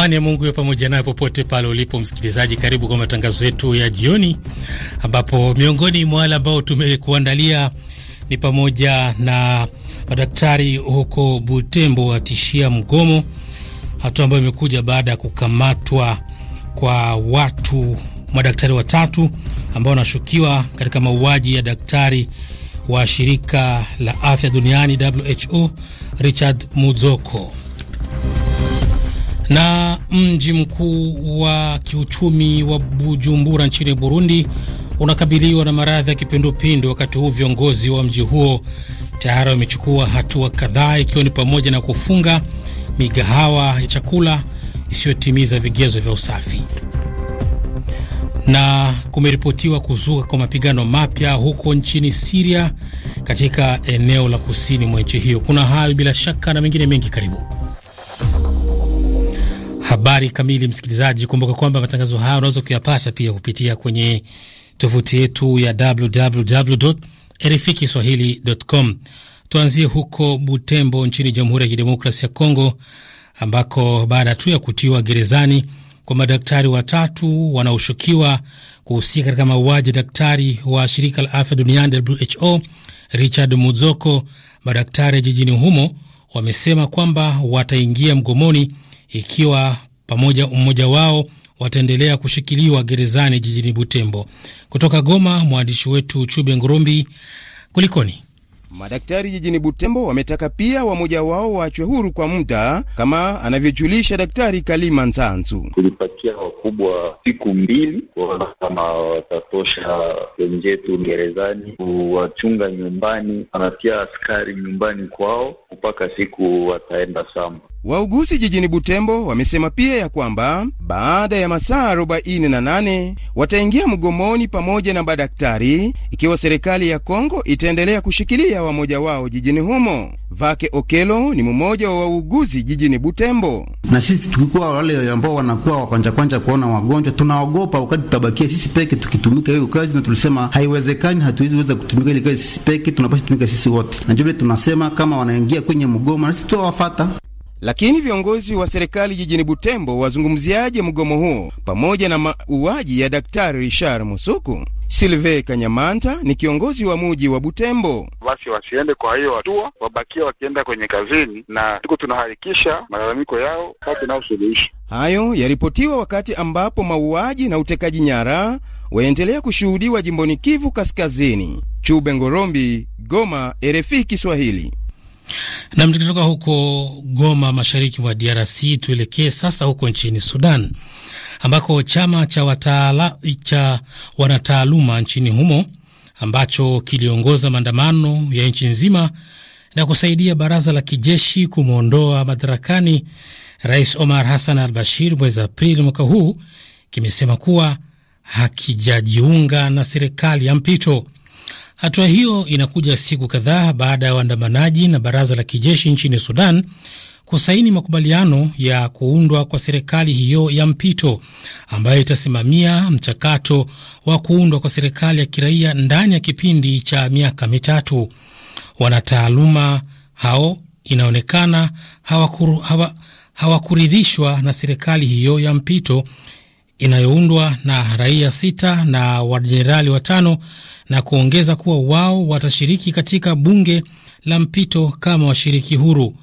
Amani ya Mungu iwe pamoja nayo popote pale ulipo msikilizaji. Karibu kwa matangazo yetu ya jioni, ambapo miongoni mwa wale ambao tumekuandalia ni pamoja na madaktari huko Butembo watishia mgomo, hatua ambayo imekuja baada ya kukamatwa kwa watu madaktari watatu ambao wanashukiwa katika mauaji ya daktari wa shirika la afya duniani WHO Richard Muzoko. Na mji mkuu wa kiuchumi wa Bujumbura nchini Burundi unakabiliwa na maradhi ya kipindupindu, wakati huu viongozi wa mji huo tayari wamechukua hatua kadhaa, ikiwa ni pamoja na kufunga migahawa ya chakula isiyotimiza vigezo vya usafi. Na kumeripotiwa kuzuka kwa mapigano mapya huko nchini Syria katika eneo la kusini mwa nchi hiyo. Kuna hayo bila shaka na mengine mengi, karibu Habari kamili, msikilizaji, kumbuka kwamba matangazo haya unaweza kuyapata pia kupitia kwenye tovuti yetu ya www RFI kiswahili.com. Tuanzie huko Butembo nchini Jamhuri ya Kidemokrasia ya Kongo, ambako baada tu ya kutiwa gerezani kwa madaktari watatu wanaoshukiwa kuhusika katika mauaji ya daktari wa shirika la afya duniani WHO Richard Muzoko, madaktari jijini humo wamesema kwamba wataingia mgomoni ikiwa pamoja mmoja wao wataendelea kushikiliwa gerezani jijini Butembo. Kutoka Goma, mwandishi wetu Chube Ngurumbi. Kulikoni? Madaktari jijini Butembo wametaka pia wamoja wao waachwe huru kwa muda, kama anavyojulisha Daktari Kalima Nzanzu. Tulipatia wakubwa siku mbili kuona kama watatosha wenjetu gerezani, kuwachunga nyumbani, wanatia askari nyumbani kwao mpaka siku wataenda samba. Wauguzi jijini Butembo wamesema pia ya kwamba baada ya masaa 48 wataingia mgomoni pamoja na madaktari ikiwa serikali ya Kongo itaendelea kushikilia wamoja wao jijini humo. Vake Okelo ni mmoja wa wauguzi jijini Butembo. Na sisi tukikuwa wale ambao wanakuwa wakwanja kwanja kuona wagonjwa, tunaogopa wakati tutabakia sisi peke tukitumika hiyo kazi, na tulisema haiwezekani, hatuwezi weza kutumika ile kazi sisi peke, tunapasha tumika sisi wote, na vile tunasema kama wanaingia kwenye mgomo na sisi tuwawafata lakini viongozi wa serikali jijini Butembo wazungumziaje mgomo huo pamoja na mauaji ya Daktari Richard Musuku? Silve Kanyamanta ni kiongozi wa muji wa Butembo. Basi wasiende kwa hiyo hatua, wabakia wakienda kwenye kazini, na tuko tunaharikisha malalamiko yao nao inayosuluhisha. Hayo yaripotiwa wakati ambapo mauaji na utekaji nyara waendelea kushuhudiwa jimboni Kivu Kaskazini. Chube Ngorombi, Goma, RFI Kiswahili. Nam, tukitoka huko Goma, mashariki mwa DRC, tuelekee sasa huko nchini Sudan ambako chama cha wataala, cha wanataaluma nchini humo ambacho kiliongoza maandamano ya nchi nzima na kusaidia baraza la kijeshi kumwondoa madarakani Rais Omar Hassan al Bashir mwezi Aprili mwaka huu kimesema kuwa hakijajiunga na serikali ya mpito. Hatua hiyo inakuja siku kadhaa baada ya waandamanaji na baraza la kijeshi nchini Sudan kusaini makubaliano ya kuundwa kwa serikali hiyo ya mpito ambayo itasimamia mchakato wa kuundwa kwa serikali ya kiraia ndani ya kipindi cha miaka mitatu. Wanataaluma hao inaonekana hawakuridhishwa hawa na serikali hiyo ya mpito inayoundwa na raia sita na wajenerali watano na kuongeza kuwa wao watashiriki katika bunge la mpito kama washiriki huru.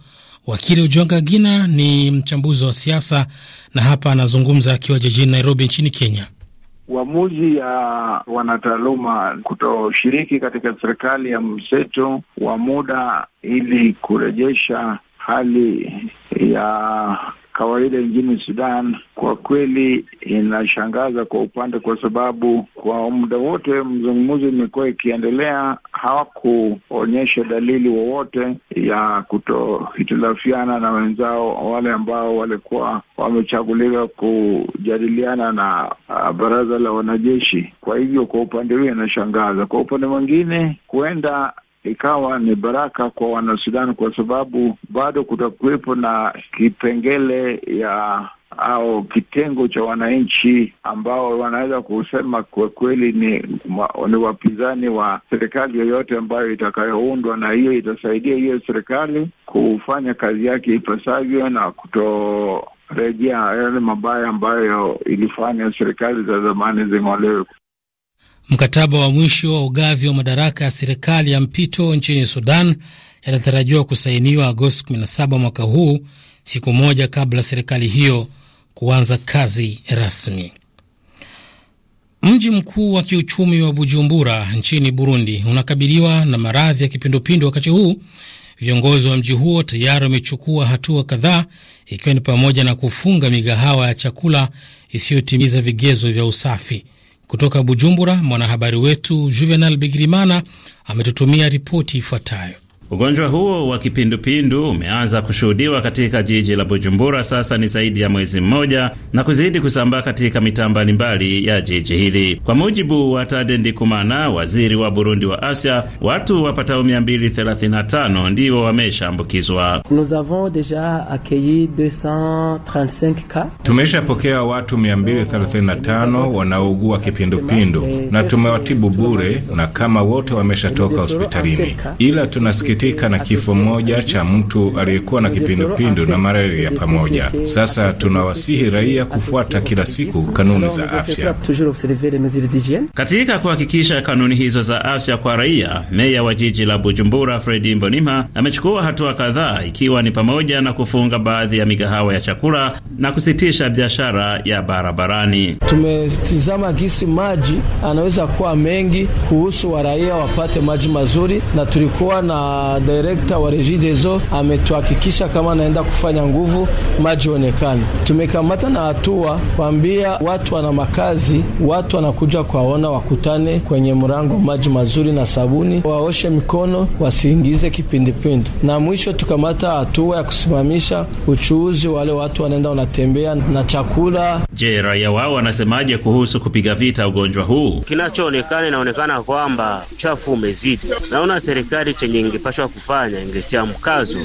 Wakili Ujonga Gina ni mchambuzi wa siasa na hapa anazungumza akiwa jijini Nairobi nchini Kenya. Uamuzi ya wanataaluma kutoshiriki katika serikali ya mseto wa muda ili kurejesha hali ya kawaida nchini Sudan kwa kweli inashangaza kwa upande, kwa sababu kwa muda wote mzungumuzi imekuwa ikiendelea, hawakuonyesha dalili wowote ya kutohitilafiana na wenzao wale ambao walikuwa wamechaguliwa kujadiliana na uh, baraza la wanajeshi. Kwa hivyo kwa upande huo inashangaza. Kwa upande mwingine, huenda ikawa ni baraka kwa Wanasudani kwa sababu bado kutakuwepo na kipengele ya au kitengo cha wananchi ambao wanaweza kusema kwa kweli ni, ni wapinzani wa serikali yoyote ambayo itakayoundwa, na hiyo itasaidia hiyo serikali kufanya kazi yake ipasavyo na kutorejea yale mabaya ambayo ilifanya serikali za zamani zing'olewe. Mkataba wa mwisho wa ugavi wa madaraka ya serikali ya mpito nchini Sudan yanatarajiwa kusainiwa Agosti 17 mwaka huu, siku moja kabla serikali hiyo kuanza kazi rasmi. Mji mkuu wa kiuchumi wa Bujumbura nchini Burundi unakabiliwa na maradhi ya kipindupindu wakati huu. Viongozi wa mji huo tayari wamechukua hatua kadhaa, ikiwa ni pamoja na kufunga migahawa ya chakula isiyotimiza vigezo vya usafi. Kutoka Bujumbura, mwanahabari wetu Juvenal Bigirimana ametutumia ripoti ifuatayo. Ugonjwa huo wa kipindupindu umeanza kushuhudiwa katika jiji la Bujumbura sasa ni zaidi ya mwezi mmoja na kuzidi kusambaa katika mitaa mbalimbali ya jiji hili. Kwa mujibu wa Tade Ndikumana, waziri wa Burundi wa afya, watu wapatao 235 ndio wameshaambukizwa. Tumeshapokea watu 235 wanaougua kipindupindu na tumewatibu bure, na kama wote wameshatoka hospitalini, ila tunasikia tulisikitika na kifo moja cha mtu aliyekuwa na kipindupindu na malaria pamoja. Sasa tunawasihi raia kufuata kila siku kanuni za afya. Katika kuhakikisha kanuni hizo za afya kwa raia, meya wa jiji la Bujumbura Fredi Mbonima amechukua hatua kadhaa, ikiwa ni pamoja na kufunga baadhi ya migahawa ya chakula na kusitisha biashara ya barabarani. Tumetizama gisi maji anaweza kuwa mengi kuhusu waraia wapate maji mazuri, na tulikuwa na direkta wa Regideso ametuhakikisha kama naenda kufanya nguvu maji onekane. Tumekamata na hatua kwambia watu wana makazi, watu wanakuja kwaona, wakutane kwenye mrango maji mazuri na sabuni, waoshe mikono, wasiingize kipindipindu. Na mwisho tukamata hatua ya kusimamisha uchuuzi, wale watu wanaenda wanatembea na chakula. Je, raia wao wanasemaje kuhusu kupiga vita ugonjwa huu? Kinachoonekana inaonekana kwamba uchafu umezidi. Naona serikali chenye ingepasha ingepashwa kufanya ingetia mkazo,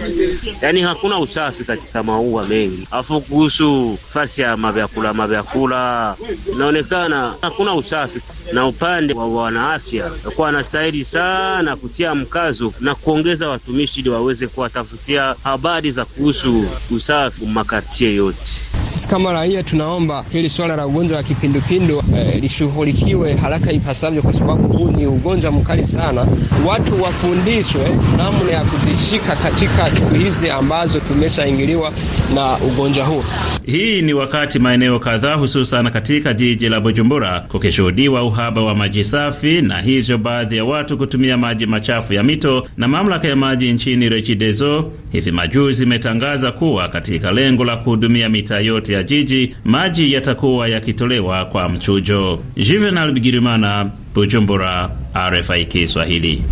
yaani hakuna usafi katika maua mengi. Afu kuhusu fasi ya mavyakula, mavyakula inaonekana hakuna usafi, na upande wa wanaafya akuwa anastahili sana kutia mkazo na kuongeza watumishi ili waweze kuwatafutia habari za kuhusu usafi makartie yote. Sisi kama raia tunaomba hili swala la ugonjwa wa kipindupindu eh, lishughulikiwe haraka ipasavyo, kwa sababu huu ni ugonjwa mkali sana. Watu wafundishwe namna ya kuzishika katika siku hizi ambazo tumeshaingiliwa na ugonjwa huu. Hii ni wakati maeneo kadhaa hususan katika jiji la Bujumbura kukishuhudiwa uhaba wa maji safi, na hivyo baadhi ya watu kutumia maji machafu ya mito. Na mamlaka ya maji nchini Rechidezo hivi majuzi imetangaza kuwa katika lengo la kuhudumia mita yote ya jiji maji yatakuwa yakitolewa kwa mchujo. Juvenal Bigirimana, Bujumbura, RFI Kiswahili.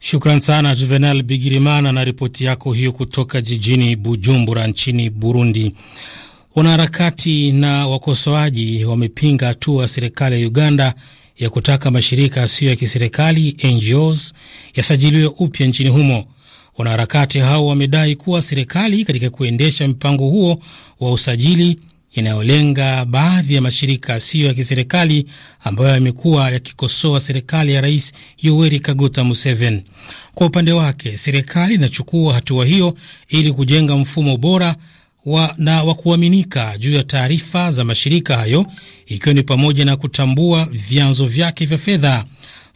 Shukran sana Juvenal Bigirimana na ripoti yako hiyo kutoka jijini Bujumbura nchini Burundi. Wanaharakati na wakosoaji wamepinga hatua serikali ya Uganda ya kutaka mashirika yasiyo ya kiserikali NGOs yasajiliwe upya nchini humo. Wanaharakati hao wamedai kuwa serikali katika kuendesha mpango huo wa usajili inayolenga baadhi ya mashirika siyo ya kiserikali ambayo yamekuwa yakikosoa serikali ya Rais Yoweri Kaguta Museveni. Kwa upande wake, serikali inachukua hatua hiyo ili kujenga mfumo bora wa, na wa kuaminika juu ya taarifa za mashirika hayo ikiwa ni pamoja na kutambua vyanzo vyake vya fedha.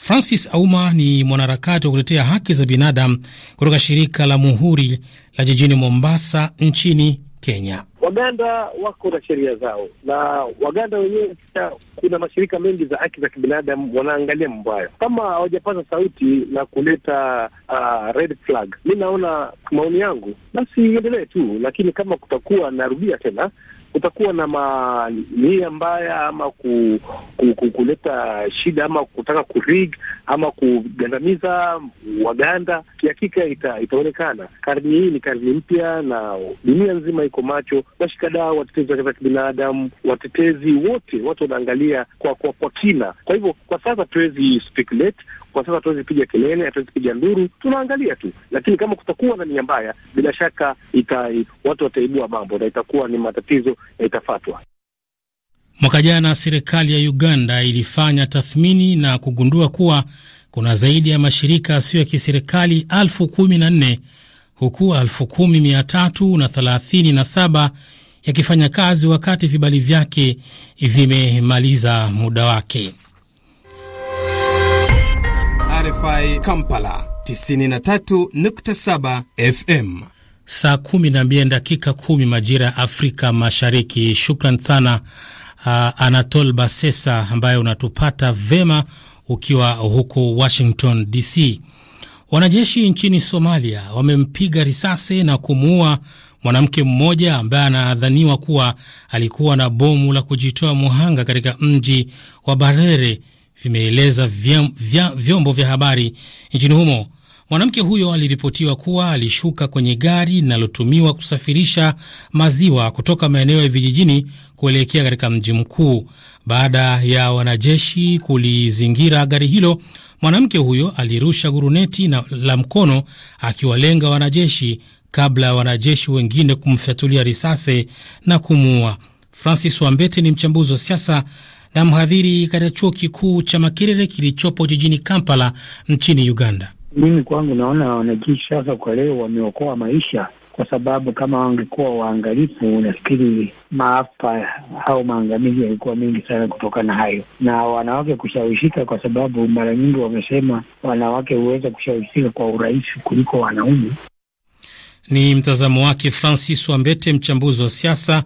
Francis Auma ni mwanaharakati wa kutetea haki za binadamu kutoka shirika la Muhuri la jijini Mombasa nchini Kenya. Waganda wako na sheria zao, na Waganda wenyewe pia, kuna mashirika mengi za haki za kibinadamu wanaangalia mambo hayo, kama hawajapata sauti na kuleta uh, red flag. Mi naona maoni yangu, basi iendelee tu, lakini kama kutakuwa, narudia tena kutakuwa na nia mbaya ama ku, ku, ku, kuleta shida ama kutaka kurig ama kugandamiza Waganda, kihakika ita, itaonekana. karni hii ni karni mpya, na dunia nzima iko macho. Washikadau, watetezi wa haki za kibinadamu, watetezi wote, watu wanaangalia kwa, kwa, kwa kina. Kwa hivyo kwa sasa tuwezi speculate kwa sasa hatuwezi piga kelele, hatuwezi piga nduru, tunaangalia tu, lakini kama kutakuwa na nia mbaya, bila shaka ita, watu wataibua mambo na itakuwa ni matatizo na itafatwa. Mwaka jana serikali ya Uganda ilifanya tathmini na kugundua kuwa kuna zaidi ya mashirika yasiyo ya kiserikali elfu kumi na nne huku elfu kumi mia tatu na thelathini na saba yakifanya kazi wakati vibali vyake vimemaliza muda wake. RFI Kampala 93.7 FM. Saa 12 dakika 10 majira ya Afrika Mashariki. Shukran sana uh, Anatol Basesa ambaye unatupata vema ukiwa huko Washington DC. Wanajeshi nchini Somalia wamempiga risasi na kumuua mwanamke mmoja ambaye anadhaniwa kuwa alikuwa na bomu la kujitoa muhanga katika mji wa Barere vimeeleza vyombo vya habari nchini humo. Mwanamke huyo aliripotiwa kuwa alishuka kwenye gari linalotumiwa kusafirisha maziwa kutoka maeneo ya vijijini kuelekea katika mji mkuu. Baada ya wanajeshi kulizingira gari hilo, mwanamke huyo alirusha guruneti na la mkono akiwalenga wanajeshi kabla ya wanajeshi wengine kumfyatulia risasi na kumuua. Francis Wambete ni mchambuzi wa siasa na mhadhiri katika chuo kikuu cha Makerere kilichopo jijini Kampala nchini Uganda. Mimi kwangu naona wanajeshi sasa kwa leo wameokoa maisha, kwa sababu kama wangekuwa waangalifu, nafikiri maafa au maangamizi yalikuwa mengi sana kutokana hayo, na wanawake kushawishika, kwa sababu mara nyingi wamesema wanawake huweza kushawishika kwa urahisi kuliko wanaume. Ni mtazamo wake Francis Wambete, mchambuzi wa siasa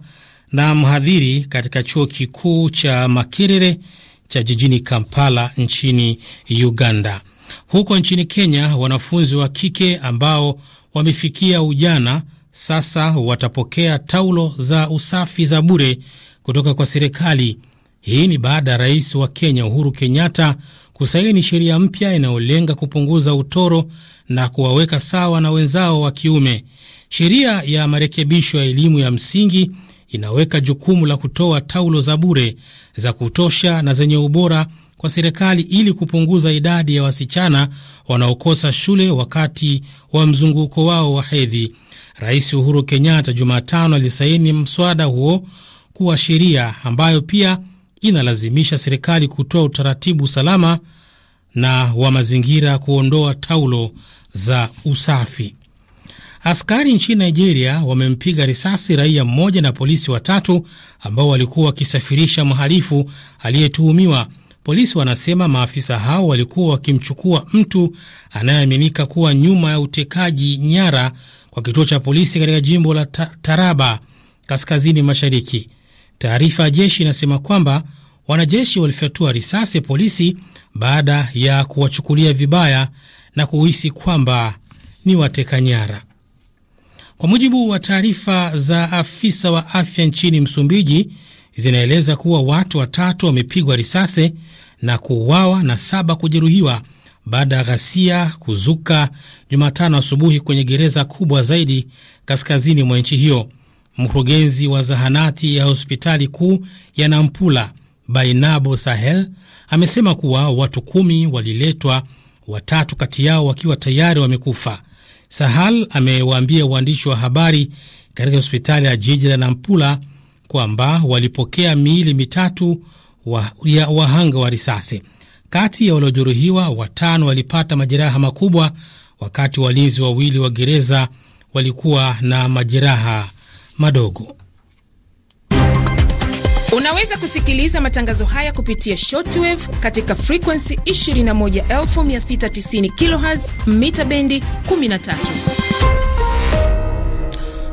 na mhadhiri katika chuo kikuu cha Makerere cha jijini Kampala nchini Uganda. Huko nchini Kenya, wanafunzi wa kike ambao wamefikia ujana sasa watapokea taulo za usafi za bure kutoka kwa serikali. Hii ni baada ya rais wa Kenya Uhuru Kenyatta kusaini sheria mpya inayolenga kupunguza utoro na kuwaweka sawa na wenzao wa kiume. Sheria ya marekebisho ya elimu ya msingi inaweka jukumu la kutoa taulo za bure za kutosha na zenye ubora kwa serikali ili kupunguza idadi ya wasichana wanaokosa shule wakati wa mzunguko wao wa hedhi. Rais Uhuru Kenyatta Jumatano alisaini mswada huo kuwa sheria ambayo pia inalazimisha serikali kutoa utaratibu salama na wa mazingira kuondoa taulo za usafi. Askari nchini Nigeria wamempiga risasi raia mmoja na polisi watatu ambao walikuwa wakisafirisha mhalifu aliyetuhumiwa. Polisi wanasema maafisa hao walikuwa wakimchukua mtu anayeaminika kuwa nyuma ya utekaji nyara kwa kituo cha polisi katika jimbo la Taraba kaskazini mashariki. Taarifa ya jeshi inasema kwamba wanajeshi walifyatua risasi polisi baada ya kuwachukulia vibaya na kuhisi kwamba ni wateka nyara. Kwa mujibu wa taarifa za afisa wa afya nchini Msumbiji, zinaeleza kuwa watu watatu wamepigwa risasi na kuuawa na saba kujeruhiwa baada ya ghasia kuzuka Jumatano asubuhi kwenye gereza kubwa zaidi kaskazini mwa nchi hiyo. Mkurugenzi wa zahanati ya hospitali kuu ya Nampula Bainabo Sahel amesema kuwa watu kumi waliletwa, watatu kati yao wakiwa tayari wamekufa. Sahal amewaambia waandishi wa habari katika hospitali ya jiji la Nampula kwamba walipokea miili mitatu wa, ya wahanga wa risasi. Kati ya waliojeruhiwa watano walipata majeraha makubwa, wakati walinzi wawili wa gereza walikuwa na majeraha madogo. Unaweza kusikiliza matangazo haya kupitia shortwave katika frekuensi 21690 kHz mita bendi 13.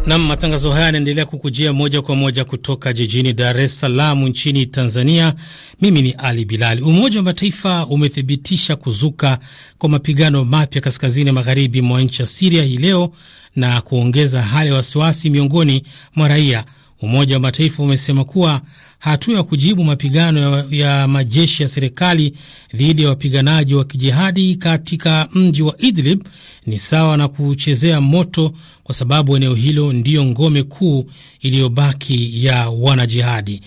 Nam, matangazo haya yanaendelea kukujia moja kwa moja kutoka jijini Dar es Salaam nchini Tanzania. Mimi ni Ali Bilali. Umoja wa Mataifa umethibitisha kuzuka kwa mapigano mapya kaskazini magharibi mwa nchi ya Siria hii leo na kuongeza hali ya wasiwasi miongoni mwa raia. Umoja wa Mataifa umesema kuwa hatua ya kujibu mapigano ya, ya majeshi ya serikali dhidi ya wapiganaji wa kijihadi katika mji wa Idlib ni sawa na kuchezea moto, kwa sababu eneo hilo ndiyo ngome kuu iliyobaki ya wanajihadi.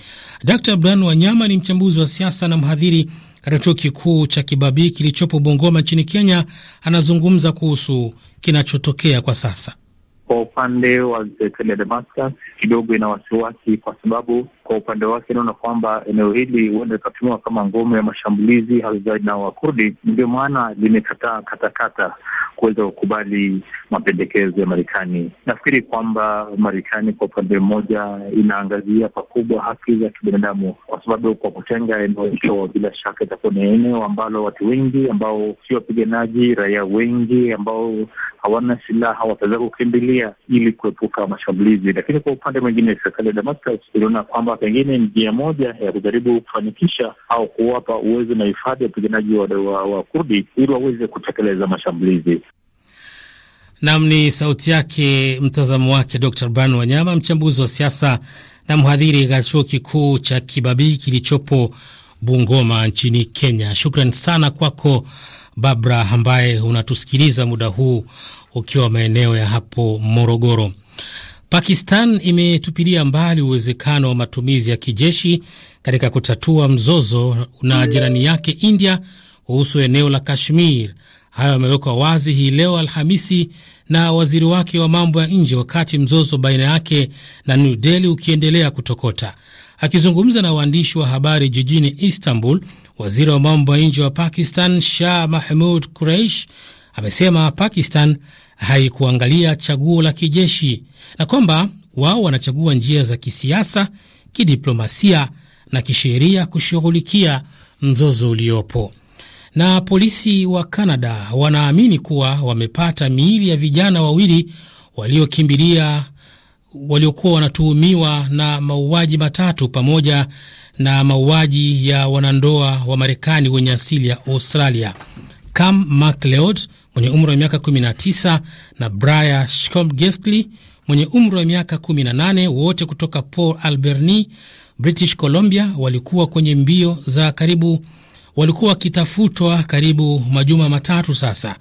Dkt. Abraham Wanyama ni mchambuzi wa siasa na mhadhiri katika chuo kikuu cha Kibabii kilichopo Bungoma nchini Kenya. Anazungumza kuhusu kinachotokea kwa sasa kwa upande wa kidogo ina wasiwasi, kwa sababu kwa upande wake inaona kwamba eneo hili huenda ikatumiwa kama ngome ya mashambulizi Hawazadi na Wakurdi. Ndio maana limekataa katakata kuweza kukubali mapendekezo ya Marekani. Nafikiri kwamba Marekani kwa upande mmoja inaangazia pakubwa haki za kibinadamu, kwa sababu kwa kutenga eneo hicho, bila shaka itakuwa ni eneo ambalo watu wengi ambao sio wapiganaji, raia wengi ambao hawana silaha wataweza kukimbilia ili kuepuka mashambulizi, lakini kwa upande mwingine, serikali ya Damascus iliona kwamba pengine ni njia moja ya kujaribu kufanikisha au kuwapa uwezo na hifadhi ya wapiganaji wa, wa, wa Kurdi ili waweze kutekeleza mashambulizi. Nam ni sauti yake, mtazamo wake Dr Ban Wanyama, mchambuzi wa siasa na mhadhiri katika chuo kikuu cha Kibabii kilichopo Bungoma nchini Kenya. Shukran sana kwako Babra ambaye unatusikiliza muda huu ukiwa maeneo ya hapo Morogoro. Pakistan imetupilia mbali uwezekano wa matumizi ya kijeshi katika kutatua mzozo na jirani yake India kuhusu eneo la Kashmir. Hayo yamewekwa wazi hii leo Alhamisi na waziri wake wa mambo ya nje, wakati mzozo baina yake na New Delhi ukiendelea kutokota. Akizungumza na waandishi wa habari jijini Istanbul, waziri wa mambo ya nje wa Pakistan Shah Mahmud kuraish amesema Pakistan haikuangalia chaguo la kijeshi na kwamba wao wanachagua njia za kisiasa, kidiplomasia na kisheria kushughulikia mzozo uliopo. Na polisi wa Kanada wanaamini kuwa wamepata miili ya vijana wawili waliokimbilia waliokuwa wanatuhumiwa na mauaji matatu pamoja na mauaji ya wanandoa wa Marekani wenye asili ya Australia. Cam McLeod mwenye umri wa miaka 19 na Brian Schmolgelsky mwenye umri wa miaka 18, wote kutoka Port Alberni, British Columbia, walikuwa kwenye mbio za karibu, walikuwa wakitafutwa karibu majuma matatu sasa,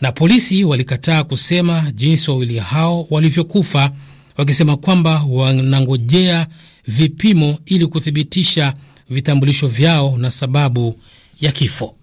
na polisi walikataa kusema jinsi wawili hao walivyokufa, wakisema kwamba wanangojea vipimo ili kuthibitisha vitambulisho vyao na sababu ya kifo.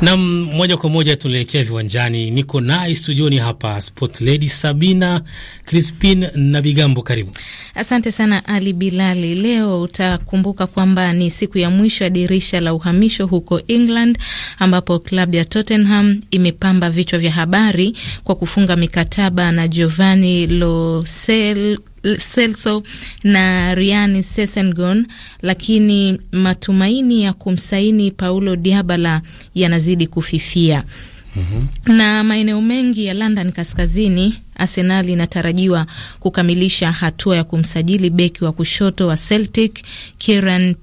Na moja kwa moja tunaelekea viwanjani. Niko naye studioni hapa Sport Lady Sabina Crispin na Bigambo, karibu. Asante sana Ali Bilali. Leo utakumbuka kwamba ni siku ya mwisho ya dirisha la uhamisho huko England, ambapo klabu ya Tottenham imepamba vichwa vya habari kwa kufunga mikataba na Giovanni Lo Celso Celso na Ryan Sessegnon, lakini matumaini ya kumsaini Paulo Diabala yanazidi kufifia. Mm -hmm. Na maeneo mengi ya London kaskazini, Arsenal inatarajiwa kukamilisha hatua ya kumsajili beki wa kushoto wa Celtic Kieran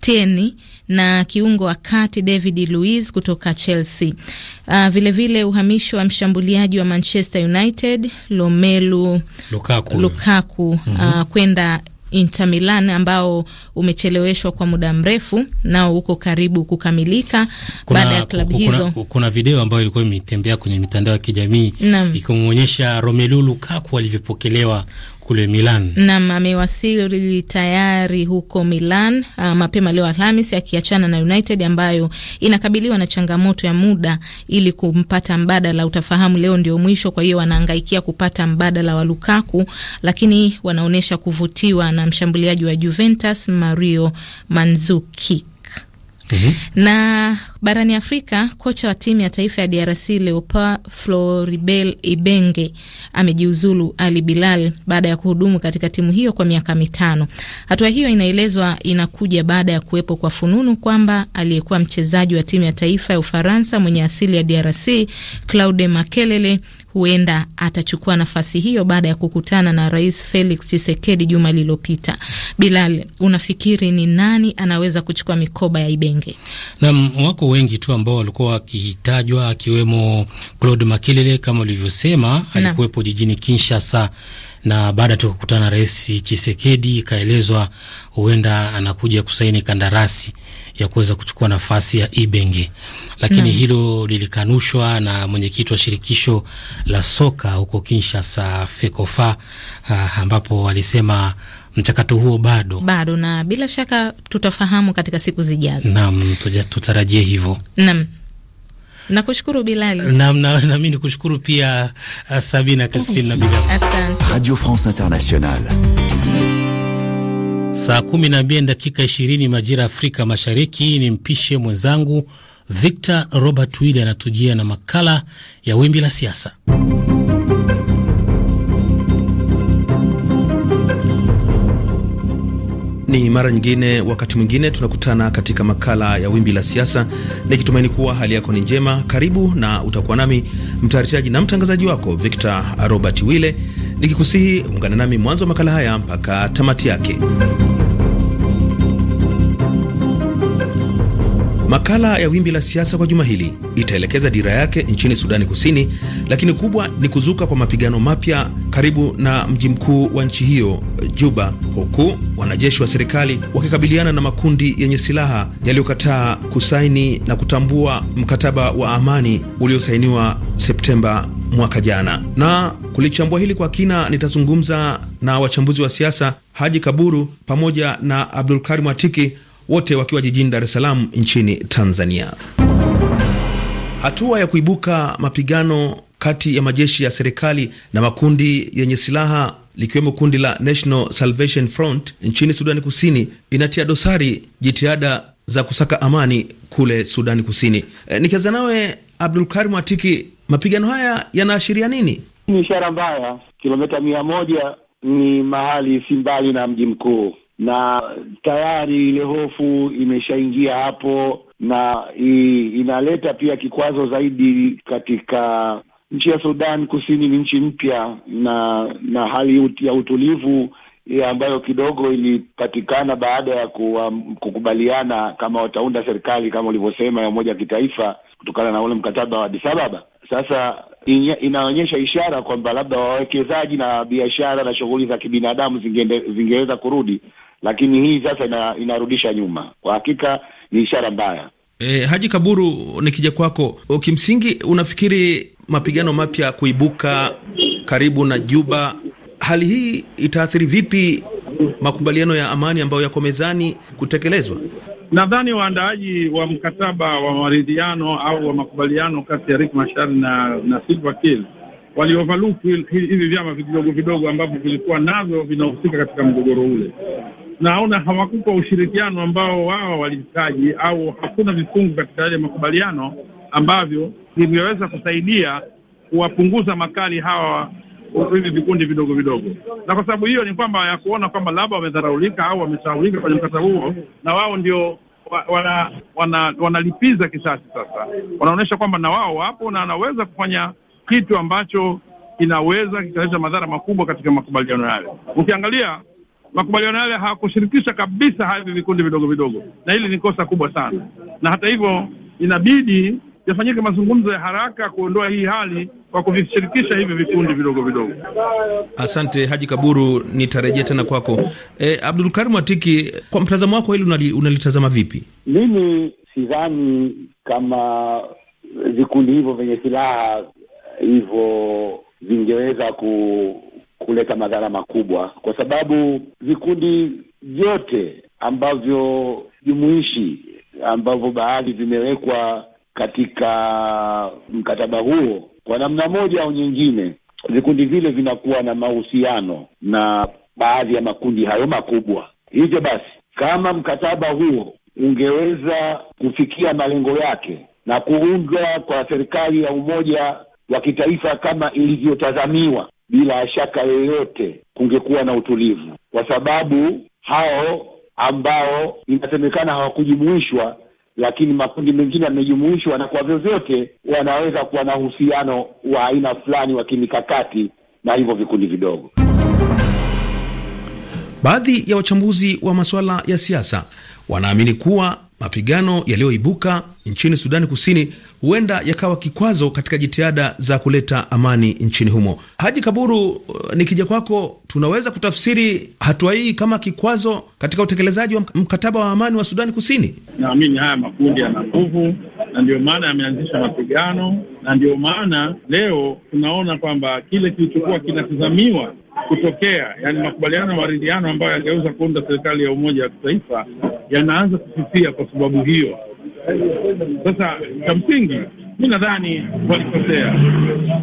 Tierney na kiungo wa kati David Luiz kutoka Chelsea. Uh, ah, vilevile uhamisho wa mshambuliaji wa Manchester United Lomelu Lukaku, Lukaku mm -hmm. uh, kwenda Inter Milan ambao umecheleweshwa kwa muda mrefu, nao uko karibu kukamilika baada ya klabu hizo. Kuna video ambayo ilikuwa imetembea kwenye mitandao ya kijamii ikimwonyesha Romelu Lukaku alivyopokelewa kule Milan. Naam, amewasili tayari huko Milan uh, mapema leo Alhamis akiachana na United ambayo inakabiliwa na changamoto ya muda ili kumpata mbadala. Utafahamu leo ndio mwisho, kwa hiyo wanahangaikia kupata mbadala wa Lukaku, lakini wanaonyesha kuvutiwa na mshambuliaji wa Juventus Mario Mandzukic. -hmm. Na barani Afrika, kocha wa timu ya taifa ya DRC Leopa Floribel Ibenge amejiuzulu Ali Bilal baada ya kuhudumu katika timu hiyo kwa miaka mitano. Hatua hiyo inaelezwa inakuja baada ya kuwepo kwa fununu kwamba aliyekuwa mchezaji wa timu ya taifa ya Ufaransa mwenye asili ya DRC Claude Makelele huenda atachukua nafasi hiyo baada ya kukutana na Rais Felix Tshisekedi juma lililopita. Bilal, unafikiri ni nani anaweza kuchukua mikoba ya Ibenge? Naam, wako wengi tu ambao walikuwa wakitajwa, akiwemo Claude Makilele kama ulivyosema, alikuwepo jijini Kinshasa na baada tu kukutana na Rais Chisekedi ikaelezwa huenda anakuja kusaini kandarasi ya kuweza kuchukua nafasi ya Ibenge, lakini mm, hilo lilikanushwa na mwenyekiti wa shirikisho la soka huko Kinshasa, FEKOFA, uh, ah, ambapo alisema mchakato huo bado bado, na bila shaka tutafahamu katika siku zijazo. Naam, tutarajie hivyo. Naam. Nakushukuru Bilali. Naam, nami nikushukuru pia ah, Sabina Kaspin na Bilali. Radio France Internationale. Saa mbili dakika 20 majira Afrika Mashariki. Ni mpishe mwenzangu Victor Robert Wille anatujia na makala ya wimbi la siasa. Ni mara nyingine, wakati mwingine tunakutana katika makala ya wimbi la siasa, nikitumaini kuwa hali yako ni njema. Karibu na utakuwa nami mtayarishaji na mtangazaji wako Victor Robert Wille nikikusihi ungana nami mwanzo wa makala haya mpaka tamati yake. Makala ya Wimbi la Siasa kwa juma hili itaelekeza dira yake nchini Sudani Kusini, lakini kubwa ni kuzuka kwa mapigano mapya karibu na mji mkuu wa nchi hiyo Juba, huku wanajeshi wa serikali wakikabiliana na makundi yenye silaha yaliyokataa kusaini na kutambua mkataba wa amani uliosainiwa Septemba mwaka jana. Na kulichambua hili kwa kina, nitazungumza na wachambuzi wa siasa Haji Kaburu pamoja na abdulkari Atiki, wote wakiwa jijini Dar es Salaam nchini Tanzania. Hatua ya kuibuka mapigano kati ya majeshi ya serikali na makundi yenye silaha likiwemo kundi la National Salvation Front nchini Sudani Kusini inatia dosari jitihada za kusaka amani kule Sudani Kusini. E, nikianza nawe Abdulkarim Atiki, Mapigano haya yanaashiria nini? Ni ishara mbaya. Kilomita mia moja ni mahali si mbali na mji mkuu, na tayari ile hofu imeshaingia hapo, na i, inaleta pia kikwazo zaidi katika nchi ya Sudan Kusini. Ni nchi mpya na na hali ya utulivu ya ambayo kidogo ilipatikana baada ya kuwa, kukubaliana kama wataunda serikali kama ulivyosema ya umoja wa kitaifa kutokana na ule mkataba wa Addis Ababa. Sasa inye, inaonyesha ishara kwamba labda wawekezaji na biashara na shughuli za kibinadamu zingeweza kurudi, lakini hii sasa ina, inarudisha nyuma. Kwa hakika ni ishara mbaya. E, Haji Kaburu, nikija kwako, kimsingi unafikiri mapigano mapya kuibuka karibu na Juba, hali hii itaathiri vipi makubaliano ya amani ambayo yako mezani kutekelezwa? Nadhani waandaaji wa mkataba wa maridhiano au wa makubaliano kati ya Rik Machar na, na Silva Kil waliovaluku hivi vyama vidogo vidogo ambavyo vilikuwa navyo vinahusika katika mgogoro ule. Naona hawakupa ushirikiano ambao wao walihitaji, au hakuna vifungu katika yale makubaliano ambavyo vingeweza kusaidia kuwapunguza makali hawa hivi vikundi vidogo vidogo, na kwa sababu hiyo ni kwamba ya kuona kwamba labda wamedharaulika au wamesahaulika kwenye mkata huo, na wao ndio wana, wana, wanalipiza kisasi sasa. Wanaonyesha kwamba na wao wapo na wanaweza kufanya kitu ambacho kinaweza kikaleta madhara makubwa katika makubaliano yale. Ukiangalia makubaliano yale hawakushirikisha kabisa hivi vikundi vidogo vidogo, na hili ni kosa kubwa sana, na hata hivyo inabidi yafanyike mazungumzo ya haraka kuondoa hii hali kwa kuvishirikisha hivi vikundi vidogo vidogo. Asante Haji Kaburu, nitarejea tena kwako. E, Karim Atiki, kwa mtazamo wako hili unalitazama vipi? Mimi sidhani kama vikundi hivyo vyenye silaha hivyo vingeweza ku, kuleta madhara makubwa, kwa sababu vikundi vyote ambavyo jumuishi ambavyo baadhi vimewekwa katika mkataba huo kwa namna moja au nyingine, vikundi vile vinakuwa na mahusiano na baadhi ya makundi hayo makubwa. Hivyo basi, kama mkataba huo ungeweza kufikia malengo yake na kuundwa kwa serikali ya umoja wa kitaifa kama ilivyotazamiwa, bila shaka yoyote kungekuwa na utulivu, kwa sababu hao ambao inasemekana hawakujumuishwa lakini makundi mengine yamejumuishwa, na kwa vyovyote wanaweza kuwa na uhusiano wa aina fulani wa kimikakati na hivyo vikundi vidogo. Baadhi ya wachambuzi wa masuala ya siasa wanaamini kuwa mapigano yaliyoibuka nchini Sudani Kusini huenda yakawa kikwazo katika jitihada za kuleta amani nchini humo. Haji Kaburu, uh, nikija kwako, tunaweza kutafsiri hatua hii kama kikwazo katika utekelezaji wa mkataba wa amani wa Sudani Kusini? Naamini haya makundi yana nguvu na ndio maana yameanzisha mapigano na ndio maana leo tunaona kwamba kile kilichokuwa kinatazamiwa kutokea, yani makubaliano ya maridhiano ambayo yangeweza kuunda serikali ya umoja wa kitaifa yanaanza kufifia kwa sababu hiyo. Sasa cha msingi mi nadhani walikosea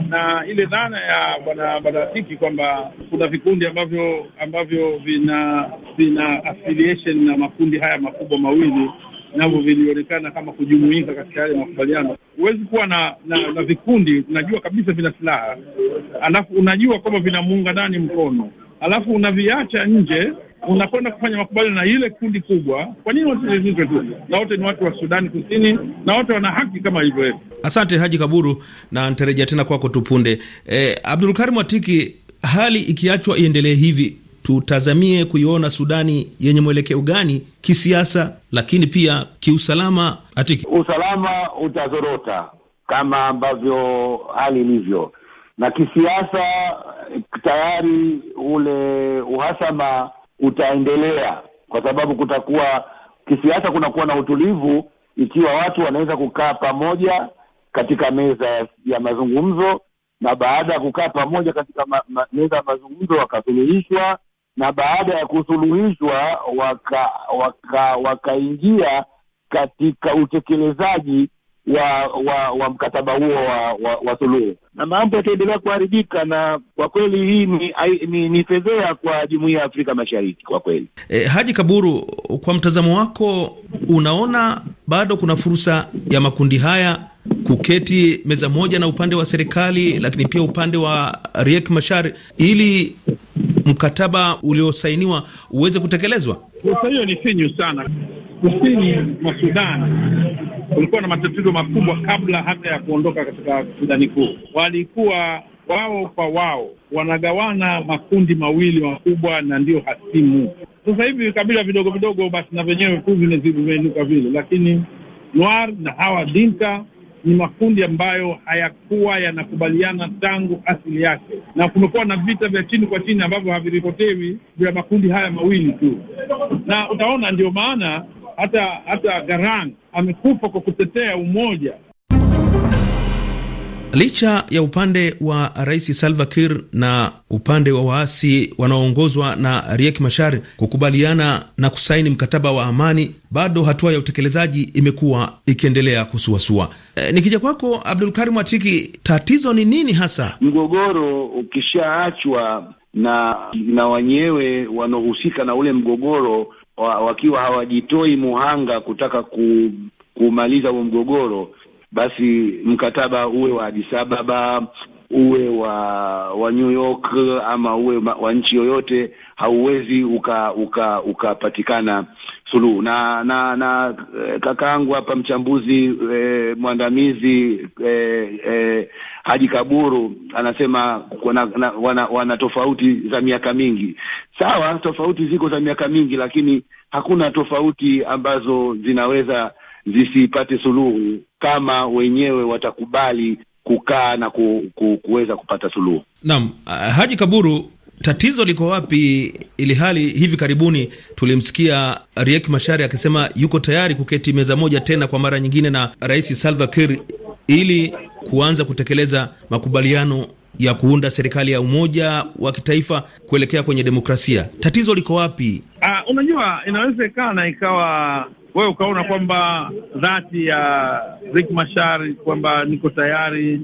na ile dhana ya bwana Badatiki kwamba kuna vikundi ambavyo ambavyo vina vina affiliation na makundi haya makubwa mawili navyo vilionekana kama kujumuika katika yale makubaliano. Huwezi kuwa na, na na vikundi unajua kabisa vina silaha alafu unajua kwamba vinamuunga nani mkono alafu unaviacha nje unakwenda kufanya makubaliano na ile kundi kubwa. Kwa nini wasizizwe tu? Na wote ni watu wa Sudani Kusini na wote wana haki kama hivyo. Asante Haji Kaburu, na nitarejea tena kwako tupunde. Eh, Karim Watiki, hali ikiachwa iendelee hivi, tutazamie kuiona Sudani yenye mwelekeo gani kisiasa, lakini pia kiusalama? Atiki, usalama utazorota kama ambavyo hali ilivyo, na kisiasa tayari ule uhasama utaendelea, kwa sababu kutakuwa kisiasa, kunakuwa na utulivu ikiwa watu wanaweza kukaa pamoja katika meza ya mazungumzo, na baada ya kukaa pamoja katika ma, ma, meza ya mazungumzo wakasuluhishwa, na baada ya kusuluhishwa wakaingia waka, waka katika utekelezaji wa wa wa mkataba huo wa wa, wa suluhu, na mambo yataendelea kuharibika, na kwa kweli hii ni, ni, ni fedhea kwa jumuiya ya Afrika Mashariki kwa kweli. E, Haji Kaburu, kwa mtazamo wako unaona bado kuna fursa ya makundi haya kuketi meza moja na upande wa serikali, lakini pia upande wa Riek Machar ili mkataba uliosainiwa uweze kutekelezwa. Sasa hiyo ni finyu sana. Kusini mwa Sudan kulikuwa na matatizo makubwa kabla hata ya kuondoka katika Sudani kuu. Walikuwa wao kwa wao wanagawana makundi mawili makubwa, na ndio hasimu. Sasa hivi kabila vidogo vidogo basi na vyenyewe tu vimeinuka vile, lakini Nuar na hawa Dinka ni makundi ambayo hayakuwa yanakubaliana tangu asili yake, na kumekuwa na vita vya chini kwa chini ambavyo haviripotewi vya makundi haya mawili tu, na utaona ndio maana hata hata Garang amekufa kwa kutetea umoja Licha ya upande wa Rais Salva Kiir na upande wa waasi wanaoongozwa na Riek Machar kukubaliana na kusaini mkataba wa amani, bado hatua ya utekelezaji imekuwa ikiendelea kusuasua. E, nikija kwako abdul Karim Atiki, tatizo ni nini hasa? Mgogoro ukishaachwa na na wenyewe wanaohusika na ule mgogoro wakiwa hawajitoi muhanga kutaka kumaliza huo mgogoro basi mkataba uwe wa Addis Ababa uwe wa wa New York ama uwe wa nchi yoyote, hauwezi ukapatikana uka, uka suluhu. Na na na eh, kakaangu hapa mchambuzi e, mwandamizi e, e, Haji Kaburu anasema wana, wana, wana tofauti za miaka mingi. Sawa, tofauti ziko za miaka mingi, lakini hakuna tofauti ambazo zinaweza zisipate suluhu kama wenyewe watakubali kukaa na ku, ku, kuweza kupata suluhu. Naam, uh, Haji Kaburu, tatizo liko wapi? Ili hali hivi karibuni tulimsikia Riek Mashari akisema yuko tayari kuketi meza moja tena kwa mara nyingine na Rais Salva Kiir ili kuanza kutekeleza makubaliano ya kuunda serikali ya umoja wa kitaifa kuelekea kwenye demokrasia. Tatizo liko wapi? Uh, unajua inawezekana ikawa wewe ukaona kwamba dhati ya Rick Machar kwamba niko tayari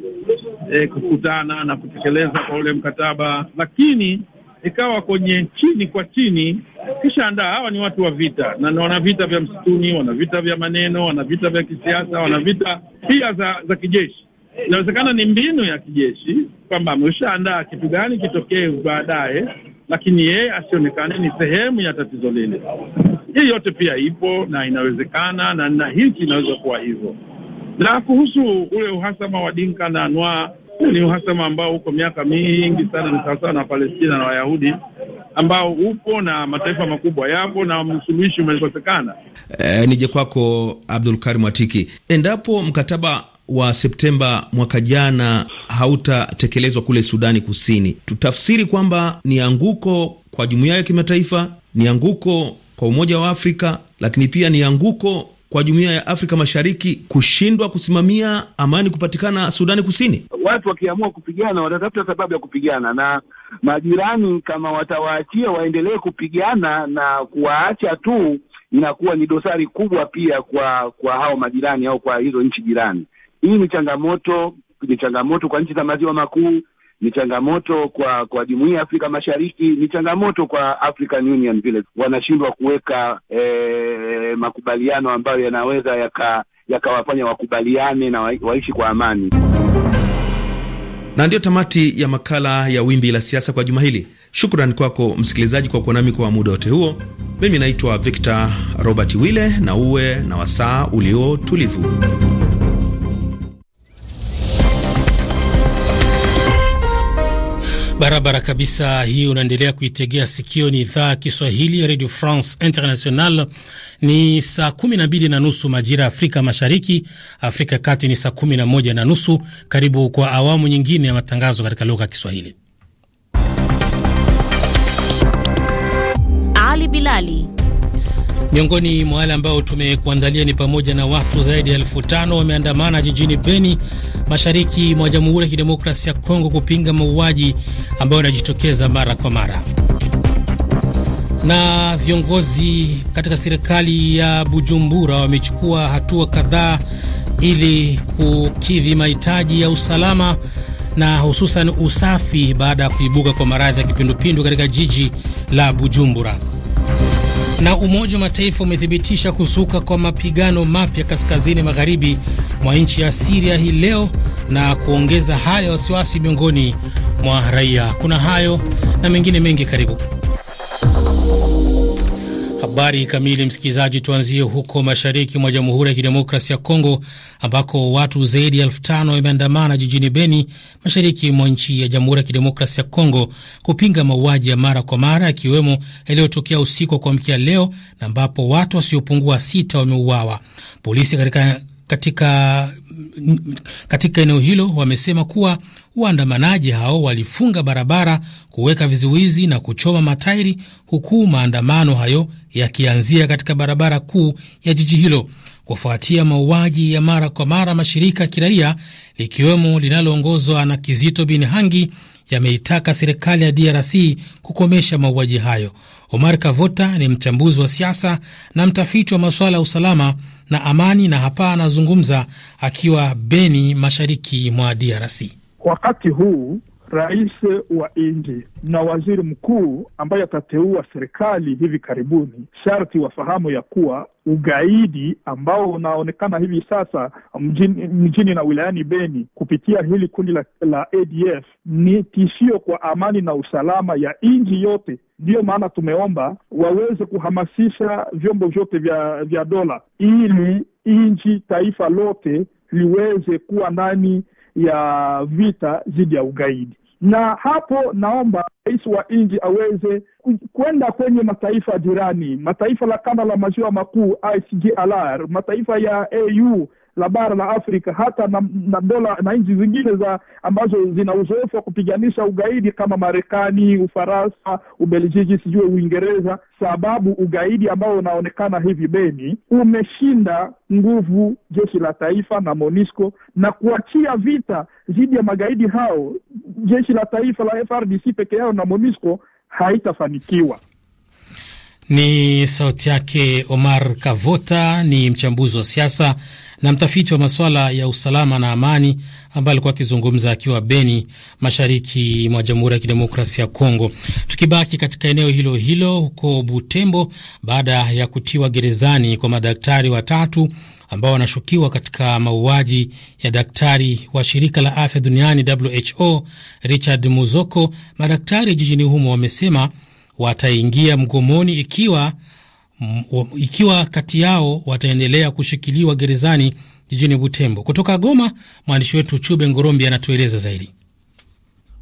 e, kukutana na kutekeleza kwa ule mkataba, lakini ikawa kwenye chini kwa chini, kisha andaa hawa ni watu wa vita na wana vita vya msituni, wana vita vya maneno, wana vita vya kisiasa, wana vita pia za, za kijeshi. Inawezekana ni mbinu ya kijeshi kwamba ameshaandaa kitu gani kitokee baadaye, lakini yeye asionekane ni sehemu ya tatizo lile. Hii yote pia ipo na inawezekana, na na hiki inaweza kuwa hivyo. Na kuhusu ule uhasama wa Dinka na Anwar, ni uhasama ambao uko miaka mingi sana, ni sawasawa na Palestina na Wayahudi ambao upo na mataifa makubwa yapo na msuluhishi umekosekana. E, nije kwako Abdul Karim Atiki, endapo mkataba wa Septemba mwaka jana hautatekelezwa kule Sudani Kusini, tutafsiri kwamba ni anguko kwa jumuiya ya kimataifa, ni anguko kwa Umoja wa Afrika, lakini pia ni anguko kwa jumuiya ya Afrika Mashariki kushindwa kusimamia amani kupatikana Sudani Kusini. Watu wakiamua kupigana watatafuta sababu ya kupigana, na majirani kama watawaachia waendelee kupigana na kuwaacha tu, inakuwa ni dosari kubwa pia kwa kwa hao majirani au kwa hizo nchi jirani. Hii ni changamoto, ni changamoto kwa nchi za maziwa makuu, ni changamoto kwa kwa jumuia ya Afrika Mashariki, ni changamoto kwa African Union vile wanashindwa kuweka e, makubaliano ambayo yanaweza yaka yakawafanya wakubaliane na waishi kwa amani. Na ndiyo tamati ya makala ya Wimbi la Siasa kwa juma hili. Shukran kwako msikilizaji kwa kuwa nami kwa muda wote huo. Mimi naitwa Victor Robert Wille, na uwe na wasaa ulio tulivu. Barabara kabisa, hii unaendelea kuitegea sikio, ni idhaa ya Kiswahili ya Radio France International. Ni saa kumi na mbili na nusu majira ya Afrika Mashariki, Afrika ya Kati ni saa kumi na moja na nusu. Karibu kwa awamu nyingine ya matangazo katika lugha ya Kiswahili. Ali Bilali Miongoni mwa wale ambao tumekuandalia ni pamoja na watu zaidi ya elfu tano wameandamana jijini Beni, mashariki mwa Jamhuri ya Kidemokrasia ya Kongo kupinga mauaji ambayo yanajitokeza mara kwa mara. Na viongozi katika serikali ya Bujumbura wamechukua hatua kadhaa ili kukidhi mahitaji ya usalama na hususan usafi baada ya kuibuka kwa maradhi ya kipindupindu katika jiji la Bujumbura. Na Umoja wa Mataifa umethibitisha kuzuka kwa mapigano mapya kaskazini magharibi mwa nchi ya Siria hii leo na kuongeza hali ya wasiwasi miongoni mwa raia. Kuna hayo na mengine mengi, karibu Habari kamili, msikilizaji, tuanzie huko mashariki mwa Jamhuri ya Kidemokrasia ya Kongo ambako watu zaidi ya elfu tano wameandamana jijini Beni, mashariki mwa nchi ya Jamhuri ya Kidemokrasia ya Kongo kupinga mauaji ya mara kwa mara yakiwemo yaliyotokea usiku wa kuamkia leo na ambapo watu wasiopungua sita wameuawa. Polisi katika katika katika eneo hilo wamesema kuwa waandamanaji hao walifunga barabara, kuweka vizuizi na kuchoma matairi, huku maandamano hayo yakianzia katika barabara kuu ya jiji hilo kufuatia mauaji ya mara kwa mara. Mashirika ya kiraia likiwemo linaloongozwa na Kizito Binhangi yameitaka serikali ya DRC kukomesha mauaji hayo. Omar Kavota ni mchambuzi wa siasa na mtafiti wa masuala ya usalama na amani, na hapa anazungumza akiwa Beni, mashariki mwa DRC. Wakati huu rais wa nchi na waziri mkuu ambaye atateua serikali hivi karibuni, sharti wafahamu ya kuwa ugaidi ambao unaonekana hivi sasa mjini, mjini na wilayani Beni kupitia hili kundi la, la ADF ni tishio kwa amani na usalama ya nchi yote Ndiyo maana tumeomba waweze kuhamasisha vyombo vyote vya, vya dola ili nchi taifa lote liweze kuwa ndani ya vita dhidi ya ugaidi na hapo naomba rais wa nji aweze kwenda kwenye mataifa jirani, mataifa la kanda la maziwa makuu ICGLR, mataifa ya AU la bara la afrika hata na, na dola na nchi zingine za ambazo zina uzoefu wa kupiganisha ugaidi kama marekani ufaransa ubelgiji sijue uingereza sababu ugaidi ambao unaonekana hivi beni umeshinda nguvu jeshi la taifa na monisco na kuachia vita dhidi ya magaidi hao jeshi la taifa la frdc peke yao na monisco haitafanikiwa ni sauti yake Omar Kavota, ni mchambuzi wa siasa na mtafiti wa masuala ya usalama na amani ambaye alikuwa akizungumza akiwa Beni, mashariki mwa Jamhuri ya Kidemokrasia ya Kongo. Tukibaki katika eneo hilo hilo, huko Butembo, baada ya kutiwa gerezani kwa madaktari watatu ambao wanashukiwa katika mauaji ya daktari wa shirika la afya duniani WHO Richard Muzoko, madaktari jijini humo wamesema wataingia mgomoni ikiwa ikiwa kati yao wataendelea kushikiliwa gerezani jijini Butembo. Kutoka Goma, mwandishi wetu Chube Ngorombi anatueleza zaidi.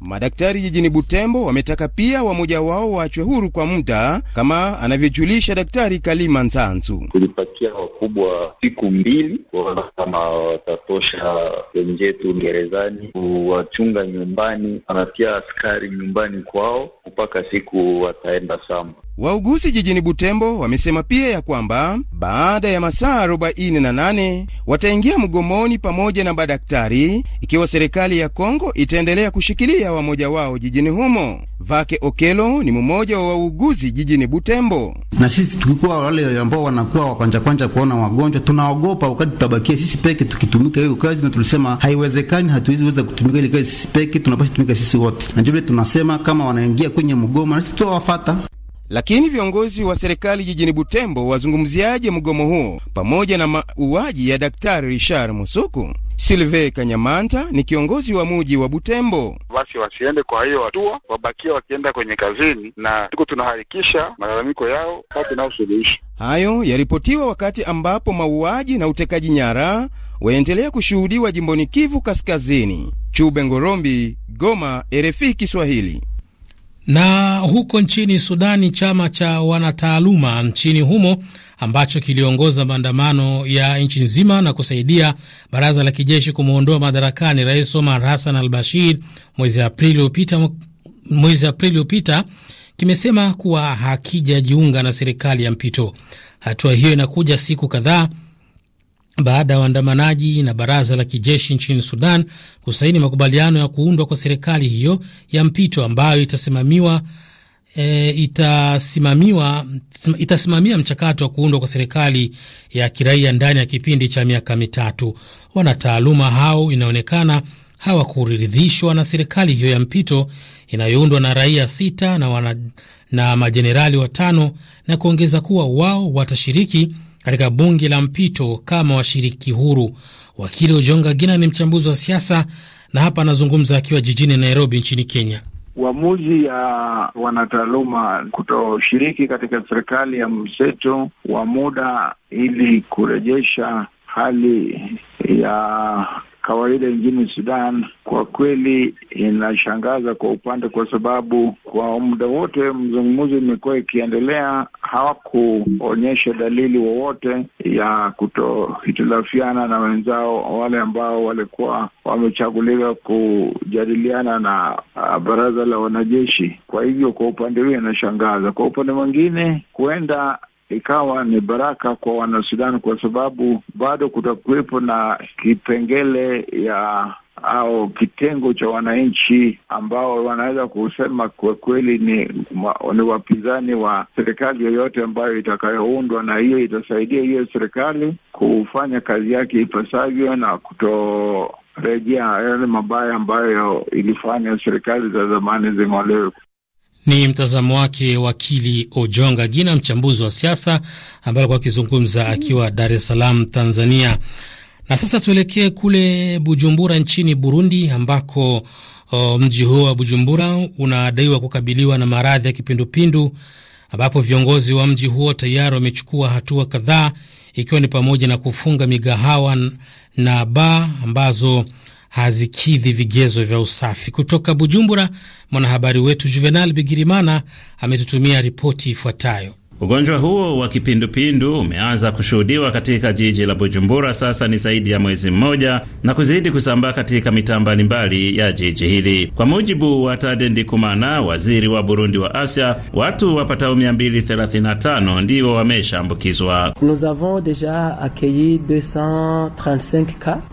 Madaktari jijini Butembo wametaka pia wamoja wao waachwe huru kwa muda, kama anavyojulisha Daktari Kalima Nzanzu. Tulipatia wakubwa siku mbili kuona kama watatosha wenzetu gerezani kuwachunga nyumbani, wanatia askari nyumbani kwao mpaka siku wataenda samba. Wauguzi jijini Butembo wamesema pia ya kwamba baada ya masaa 48 wataingia mgomoni pamoja na madaktari ikiwa serikali ya Kongo itaendelea kushikilia wamoja wao jijini humo. Vake Okelo ni mmoja wa wauguzi jijini Butembo. Na sisi tukikuwa wale ambao wanakuwa wakwanjakwanja kwanja kuona wagonjwa tunaogopa, wakati tutabakia sisi peke tukitumika hiyo kazi, na tulisema haiwezekani, hatuwezi weza kutumika ile kazi sisi peke, tunapasha tumika sisi wote, na jule tunasema kama wanaingia kwenye mgomo, na sisi tuwawafata lakini viongozi wa serikali jijini Butembo wazungumziaje mgomo huo pamoja na mauaji ya Daktari Richard Musuku? Silve Kanyamanta ni kiongozi wa muji wa Butembo. Basi wasiende kwa hiyo hatua, wabakia wakienda kwenye kazini, na tuko tunaharikisha malalamiko yao kati inayosuluhisha. Hayo yaripotiwa wakati ambapo mauaji na utekaji nyara waendelea kushuhudiwa jimboni Kivu Kaskazini. Chube Ngorombi, Goma, RFI Kiswahili. Na huko nchini Sudani, chama cha wanataaluma nchini humo ambacho kiliongoza maandamano ya nchi nzima na kusaidia baraza la kijeshi kumwondoa madarakani Rais Omar Hassan al Bashir mwezi Aprili uliopita kimesema kuwa hakijajiunga na serikali ya mpito. Hatua hiyo inakuja siku kadhaa baada ya waandamanaji na baraza la kijeshi nchini Sudan kusaini makubaliano ya kuundwa kwa serikali hiyo ya mpito ambayo itasimamiwa E, itasimamiwa itasimamia mchakato wa kuundwa kwa serikali ya kiraia ndani ya kipindi cha miaka mitatu. Wanataaluma hao inaonekana hawakuridhishwa na serikali hiyo ya mpito inayoundwa na raia sita na, wana, na majenerali watano na kuongeza kuwa wao watashiriki katika bunge la mpito kama washiriki huru. Wakili Ojonga Gina ni mchambuzi wa siasa na hapa anazungumza akiwa jijini Nairobi nchini Kenya. Uamuzi ya wanataaluma kutoshiriki katika serikali ya mseto wa muda ili kurejesha hali ya kawaida nchini Sudan kwa kweli inashangaza kwa upande, kwa sababu kwa muda wote mzungumzo imekuwa ikiendelea, hawakuonyesha dalili wowote ya kutohitilafiana na wenzao wale ambao walikuwa wamechaguliwa kujadiliana na uh, baraza la wanajeshi. Kwa hivyo kwa upande huo inashangaza. Kwa upande mwingine, huenda ikawa ni baraka kwa Wanasudani kwa sababu bado kutakuwepo na kipengele ya au kitengo cha wananchi ambao wanaweza kusema kwa kweli ni, ni wapinzani wa serikali yoyote ambayo itakayoundwa, na hiyo itasaidia hiyo serikali kufanya kazi yake ipasavyo na kutorejea yale mabaya ambayo ilifanya serikali za zamani zing'olewe. Ni mtazamo wake wakili Ojonga Gina, mchambuzi wa siasa ambaye alikuwa akizungumza akiwa Dar es Salaam, Tanzania. Na sasa tuelekee kule Bujumbura nchini Burundi, ambako mji huo wa Bujumbura unadaiwa kukabiliwa na maradhi ya kipindupindu, ambapo viongozi wa mji huo tayari wamechukua hatua kadhaa, ikiwa ni pamoja na kufunga migahawa na baa ambazo hazikidhi vigezo vya usafi. Kutoka Bujumbura, mwanahabari wetu Juvenal Bigirimana ametutumia ripoti ifuatayo. Ugonjwa huo wa kipindupindu umeanza kushuhudiwa katika jiji la Bujumbura sasa ni zaidi ya mwezi mmoja na kuzidi kusambaa katika mitaa mbalimbali ya jiji hili. Kwa mujibu wa Tade Ndikumana, waziri wa Burundi wa afya, watu wapatao 235 ndio wameshaambukizwa.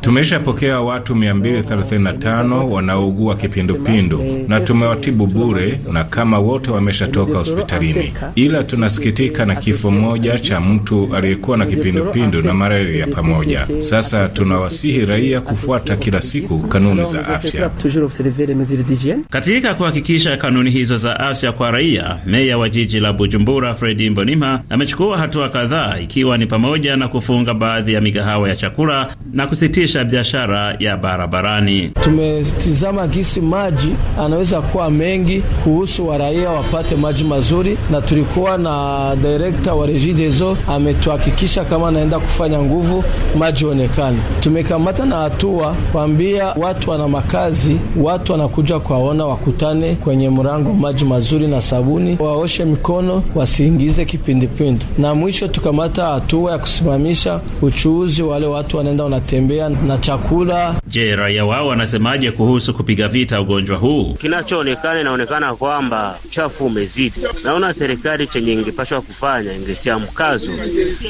Tumeshapokea watu 235 wanaougua kipindupindu na tumewatibu bure, na kama wote wameshatoka hospitalini, ila tunasikia tulisikitika na kifo moja cha mtu aliyekuwa na kipindupindu na malaria pamoja. Sasa tunawasihi raia kufuata kila siku kanuni za afya. Katika kuhakikisha kanuni hizo za afya kwa raia, meya wa jiji la Bujumbura Fredi Mbonima amechukua hatua kadhaa, ikiwa ni pamoja na kufunga baadhi ya migahawa ya chakula na kusitisha biashara ya barabarani. Tumetizama gisi maji anaweza kuwa mengi, kuhusu waraia wapate maji mazuri, na tulikuwa na direkta wa Regideso ametuhakikisha kama anaenda kufanya nguvu maji onekane. Tumekamata na hatua kwambia watu wana makazi, watu wanakuja kwaona, wakutane kwenye mrango maji mazuri na sabuni, waoshe mikono, wasiingize kipindupindu. Na mwisho tukamata hatua ya kusimamisha uchuuzi, wale watu wanaenda wanatembea na chakula. Je, raia wao wanasemaje kuhusu kupiga vita ugonjwa huu? Kinachoonekana inaonekana kwamba uchafu umezidi. Naona serikali chenye ingepashwa wanapaswa kufanya ingetia mkazo,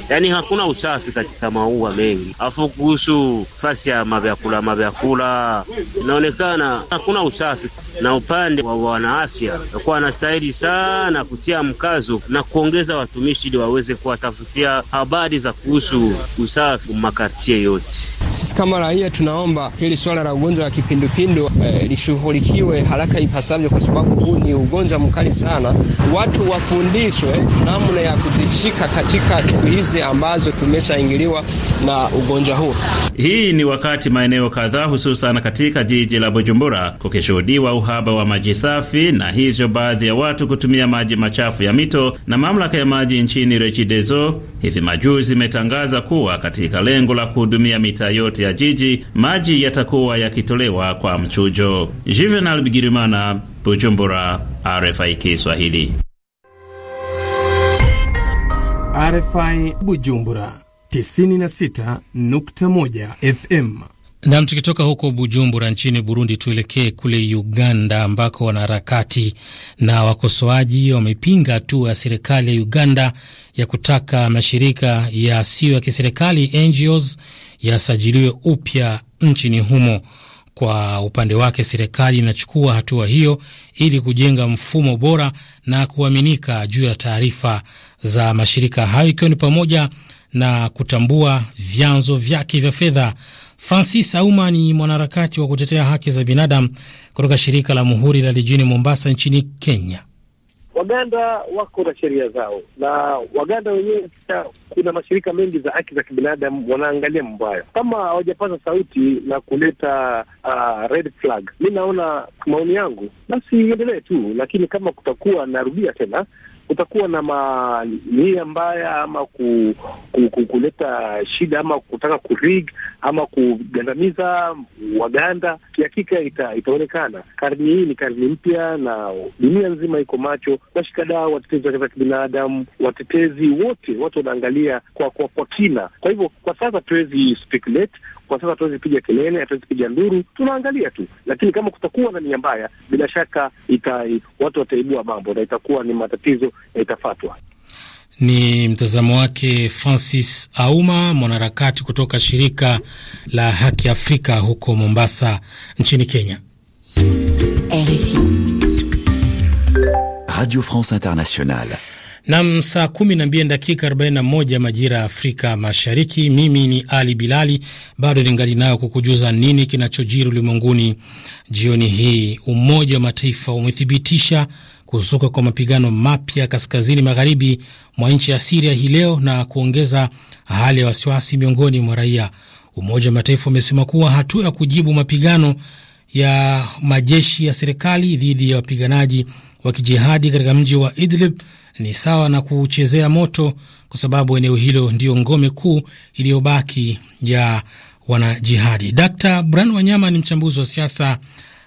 yaani hakuna usafi katika maua mengi. Afu kuhusu fasi ya mavyakula, mavyakula inaonekana hakuna usafi, na upande wa wanaafya wakuwa wanastahili sana kutia mkazo na kuongeza watumishi ili waweze kuwatafutia habari za kuhusu usafi makartie yote. Sisi kama raia tunaomba hili swala la ugonjwa wa kipindupindu eh, lishughulikiwe haraka ipasavyo, kwa sababu huu ni ugonjwa mkali sana. Watu wafundishwe na namna ya kuzishika katika siku hizi ambazo tumeshaingiliwa na ugonjwa huu. Hii ni wakati maeneo kadhaa hususan katika jiji la Bujumbura kukishuhudiwa uhaba wa maji safi, na hivyo baadhi ya watu kutumia maji machafu ya mito. Na mamlaka ya maji nchini Rechidezo hivi majuzi imetangaza kuwa katika lengo la kuhudumia mitaa yote ya jiji maji yatakuwa yakitolewa kwa mchujo. Juvenal Bigirimana, Bujumbura, RFI Kiswahili. RFI Bujumbura 96.1 FM. Nam, tukitoka huko Bujumbura nchini Burundi, tuelekee kule Uganda ambako wanaharakati na wakosoaji wamepinga hatua ya serikali ya Uganda ya kutaka mashirika yasiyo ya kiserikali NGOs yasajiliwe upya nchini humo. Kwa upande wake, serikali inachukua hatua hiyo ili kujenga mfumo bora na kuaminika juu ya taarifa za mashirika hayo ikiwa ni pamoja na kutambua vyanzo vyake vya fedha. Francis Auma ni mwanaharakati wa kutetea haki za binadamu kutoka shirika la Muhuri la jijini Mombasa nchini Kenya. Waganda wako na sheria zao, na Waganda wenyewe pia, kuna mashirika mengi za haki za kibinadamu wanaangalia mambo hayo, kama hawajapaza sauti na kuleta uh, red flag. Mi naona maoni yangu, basi iendelee tu, lakini kama kutakuwa, narudia tena, kutakuwa na nia mbaya ama ku, ku, ku, kuleta shida ama kutaka kurig ama kugandamiza Waganda, kihakika ita, itaonekana. Karni hii ni karni mpya, na dunia nzima iko macho. Washikadau, watetezi wa haki za kibinadamu, watetezi wote, watu wanaangalia kwa, kwa, kwa kina. Kwa hivyo kwa sasa tuwezi speculate kwa sasa hatuwezi piga kelele, hatuwezi piga nduru, tunaangalia tu, lakini kama kutakuwa na nia mbaya, bila shaka ita, watu wataibua mambo na itakuwa ni matatizo na itafatwa. Ni mtazamo wake Francis Auma, mwanaharakati kutoka shirika la Haki Afrika huko Mombasa nchini Kenya. RFI Radio France Internationale. Nam, saa mbili dakika 41 majira ya Afrika Mashariki. Mimi ni Ali Bilali, bado ningali nayo kukujuza nini kinachojiri ulimwenguni jioni hii. Umoja wa Mataifa umethibitisha kuzuka kwa mapigano mapya kaskazini magharibi mwa nchi ya Siria hii leo na kuongeza hali ya wasiwasi miongoni mwa raia. Umoja wa Mataifa umesema kuwa hatua ya kujibu mapigano ya majeshi ya serikali dhidi ya wapiganaji wa kijihadi katika mji wa Idlib ni sawa na kuchezea moto, kwa sababu eneo hilo ndiyo ngome kuu iliyobaki ya wanajihadi. Dkt bran Wanyama ni mchambuzi wa siasa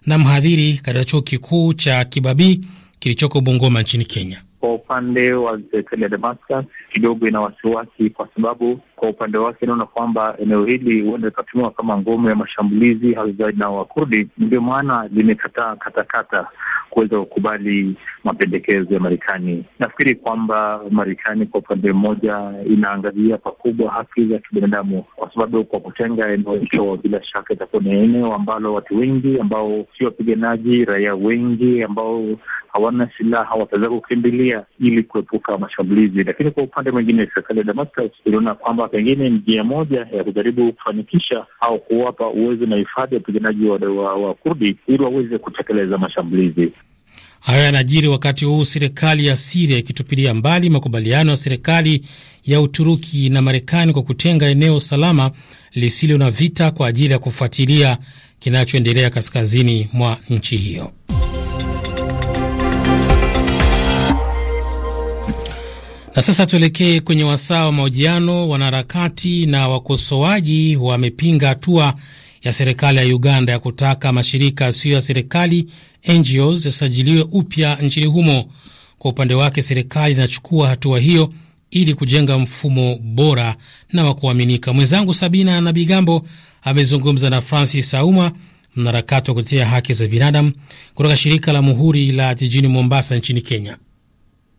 na mhadhiri katika chuo kikuu cha Kibabii kilichoko Bungoma nchini Kenya. Kwa upande wa serikali ya Damascus kidogo ina wasiwasi, kwa sababu kwa upande wake inaona kwamba eneo hili huenda likatumiwa kama ngome ya mashambulizi Hauzaji na Wakurdi. Ndio maana limekataa katakata kuweza kukubali mapendekezo ya Marekani. Nafikiri kwamba Marekani kwa upande mmoja inaangazia pakubwa haki za kibinadamu, kwa sababu kwa kutenga eneo hicho, bila shaka itakuwa ni eneo ambalo watu wengi ambao sio wapiganaji, raia wengi ambao hawana silaha wataweza kukimbilia ili kuepuka mashambulizi. Lakini kwa upande mwingine, serikali ya Damascus iliona kwamba pengine ni njia moja ya kujaribu kufanikisha au kuwapa uwezo na hifadhi ya wapiganaji wa, wa, wa Kurdi ili waweze kutekeleza mashambulizi hayo Yanajiri wakati huu serikali ya Siria ikitupilia mbali makubaliano ya serikali ya Uturuki na Marekani kwa kutenga eneo salama lisilo na vita kwa ajili ya kufuatilia kinachoendelea kaskazini mwa nchi hiyo. Na sasa tuelekee kwenye wasaa wa mahojiano. Wanaharakati na wakosoaji wamepinga hatua ya serikali ya Uganda ya kutaka mashirika yasiyo ya serikali NGOs yasajiliwe upya nchini humo. Kwa upande wake, serikali inachukua hatua hiyo ili kujenga mfumo bora na wa kuaminika. Mwenzangu Sabina Nabigambo amezungumza na Francis Auma, mnaharakati wa kutetea haki za binadamu kutoka shirika la Muhuri la jijini Mombasa nchini Kenya.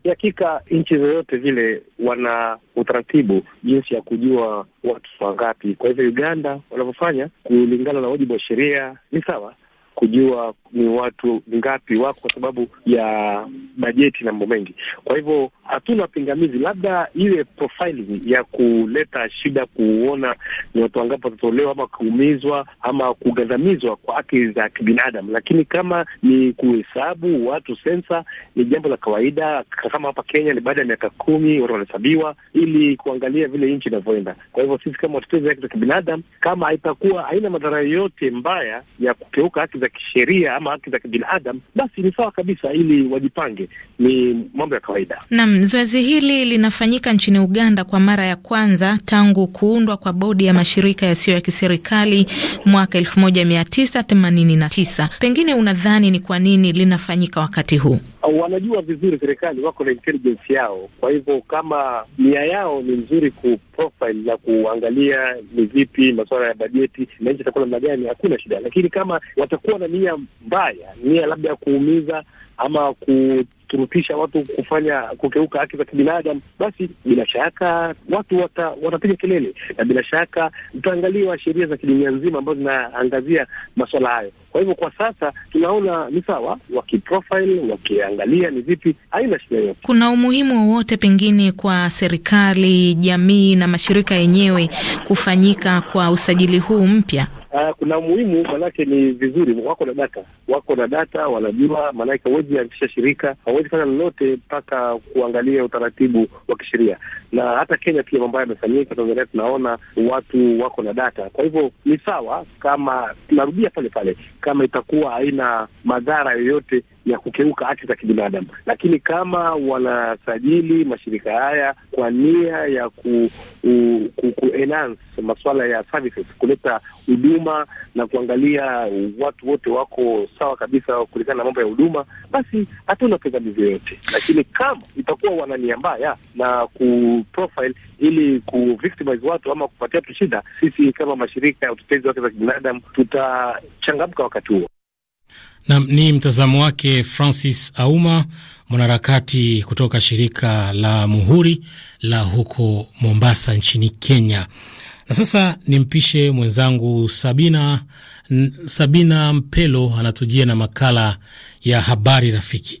Hakika nchi zozote vile wana utaratibu jinsi ya kujua watu wangapi. Kwa hivyo Uganda wanavyofanya kulingana na wajibu wa sheria ni sawa, kujua ni watu ngapi wako, kwa sababu ya bajeti na mambo mengi. Kwa hivyo hatuna pingamizi, labda ile profiling ya kuleta shida kuona ni watu wangapi watatolewa ama kuumizwa ama kugandamizwa kwa haki za kibinadamu, lakini kama ni kuhesabu watu, sensa ni jambo la kawaida. Kama hapa Kenya ni baada ya miaka kumi watu wanahesabiwa ili kuangalia vile nchi inavyoenda. Kwa hivyo sisi kama watetezi wa haki za kibinadamu, kama haitakuwa haina madhara yote mbaya ya kukeuka haki za kisheria ama haki za kibinadamu, basi ni sawa kabisa, ili wajipange. Ni mambo ya kawaida. Naam, zoezi hili linafanyika nchini Uganda kwa mara ya kwanza tangu kuundwa kwa bodi ya mashirika yasiyo ya kiserikali mwaka elfu moja mia tisa themanini na tisa. Pengine unadhani ni kwa nini linafanyika wakati huu? Wanajua vizuri serikali, wako na intelligence yao. Kwa hivyo kama nia yao ni nzuri ku profile na kuangalia ni vipi masuala ya bajeti na nchi itakuwa namna gani, hakuna shida, lakini kama watakuwa hakuwa na nia mbaya, nia labda ya kuumiza ama kuturutisha watu kufanya kukeuka haki za kibinadamu, basi bila shaka watu wata, watapiga kelele na bila shaka utaangaliwa sheria za kidunia nzima ambazo zinaangazia masuala hayo. Kwa hivyo kwa sasa tunaona ni sawa, wakiprofile wakiangalia ni vipi, haina shida yote. Kuna umuhimu wowote pengine kwa serikali, jamii na mashirika yenyewe kufanyika kwa usajili huu mpya? Uh, kuna umuhimu maanake, ni vizuri wako na data, wako na data, wanajua maanake, hawezi anzisha shirika, hawezi fanya lolote mpaka kuangalia utaratibu wa kisheria. Na hata Kenya pia mambo yamefanyika, Tanzania tunaona watu wako na data. Kwa hivyo ni sawa, kama tunarudia pale pale, kama itakuwa haina madhara yoyote ya kukeuka haki za kibinadamu. Lakini kama wanasajili mashirika haya kwa nia ya ku, u, ku, ku enhance masuala ya services, kuleta huduma na kuangalia watu wote wako sawa kabisa kulingana na mambo ya huduma, basi hatuna pingamizi yoyote. Lakini kama itakuwa wana nia mbaya na ku profile ili ku victimize watu ama kupatia tu shida, sisi kama mashirika ya utetezi wa haki za kibinadamu tutachangamka wakati huo. Na, ni mtazamo wake Francis Auma mwanaharakati kutoka shirika la Muhuri la huko Mombasa nchini Kenya. Na sasa nimpishe mwenzangu Sabina, Sabina Mpelo anatujia na makala ya habari rafiki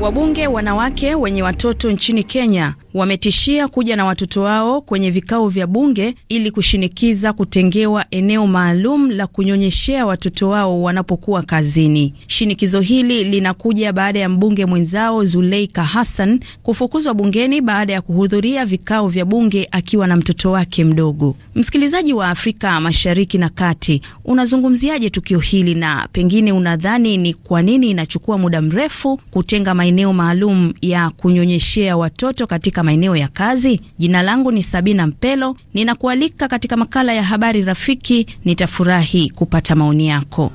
Wabunge wanawake wenye watoto nchini Kenya wametishia kuja na watoto wao kwenye vikao vya bunge ili kushinikiza kutengewa eneo maalum la kunyonyeshea watoto wao wanapokuwa kazini. Shinikizo hili linakuja baada ya mbunge mwenzao Zuleika Hassan kufukuzwa bungeni baada ya kuhudhuria vikao vya bunge akiwa na mtoto wake mdogo. Msikilizaji wa Afrika Mashariki na Kati, unazungumziaje tukio hili na pengine unadhani ni kwa nini inachukua muda mrefu kutenga maeneo maalum ya kunyonyeshea watoto katika maeneo ya kazi? Jina langu ni Sabina Mpelo, ninakualika katika makala ya habari rafiki. Nitafurahi kupata maoni yako.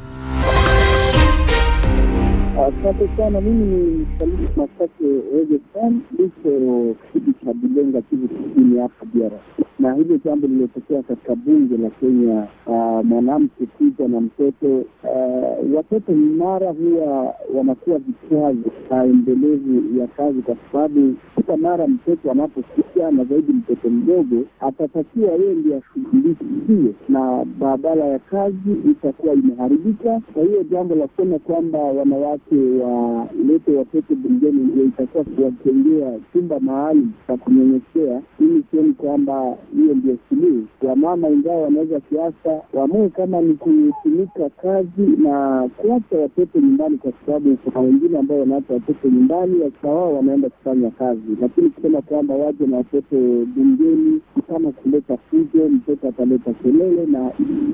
Asante sana. Mimi ni Salimu Masake Egesan, liko kijiji cha Bilenga, Kivu Kusini, hapa DRC na hilo jambo lililotokea katika bunge la Kenya, ah, mwanamke kuja na mtoto uh, watoto mara huwa wanakuwa vikwazo aendelevu ya kazi, kwa sababu kila mara mtoto anapokuja, na zaidi mtoto mdogo, atatakiwa yeye ndiye ashughulikie, na barabara ya kazi itakuwa imeharibika. Kwa hiyo jambo la kusema kwamba wanawake walete watoto bungeni ndio itakuwa kuwajengea chumba maalum cha kunyonyeshea, ili sioni kwamba hiyo ndio suluhu. Wamama ingawa wanaweza siasa, waamue kama ni kutumika kazi na kuacha watoto nyumbani, kwa sababu kuna wengine ambao wanaacha watoto nyumbani, wasa wao wanaenda kufanya kazi. Lakini kusema kwamba waje na watoto bungeni kama kuleta fujo, mtoto ataleta kelele na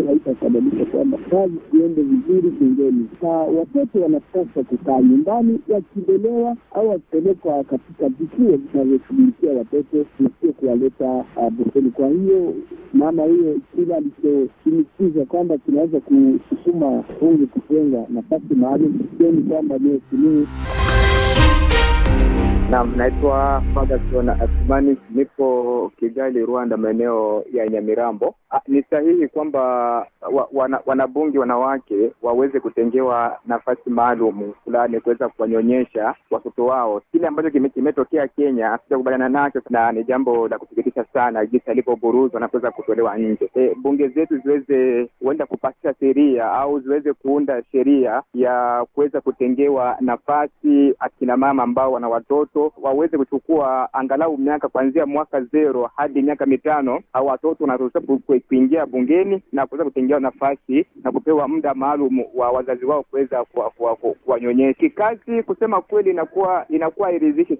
haitasababisha kwamba kazi ziende vizuri bungeni. Na watoto wanapaswa kukaa nyumbani wakibelewa au wakipelekwa katika vituo vinavyoshughulikia watoto na sio kuwaleta ah, bungeni. Kwa hiyo mama hiyo kile alichosimikiza kwamba tunaweza kusukuma bunge kutenga nafasi maalum, sioni kwamba ni suluhu. Naam, naitwa Ferguson Athumani, nipo Kigali, Rwanda, maeneo ya Nyamirambo. Ah, ni sahihi kwamba wanabunge wana wanawake waweze kutengewa nafasi maalum fulani kuweza kuwanyonyesha watoto wao. Kile ambacho kimetokea Kenya hatujakubaliana nacho, na ni jambo la kusikitisha sana, jinsi alivyoburuzwa na kuweza kutolewa nje. E, bunge zetu ziweze huenda kupasisha sheria au ziweze kuunda sheria ya kuweza kutengewa nafasi akina mama ambao wana watoto watoto waweze kuchukua angalau miaka kuanzia mwaka zero hadi miaka mitano, au watoto wanaruhusiwa kuingia bungeni na kuweza kutengewa nafasi na kupewa muda maalum wa wazazi wao kuweza kuwanyonyesha. Kikazi, kusema kweli, inakuwa inakuwa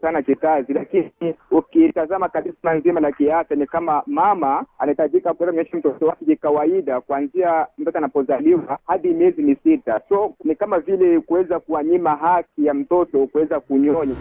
sana kikazi, lakini ukitazama kabisa nzima la kiafya ni kama mama anahitajika kuweza kunyonyesha mtoto wake kikawaida kuanzia mtoto anapozaliwa hadi miezi misita, so ni kama vile kuweza kuwanyima haki ya mtoto kuweza kunyonya.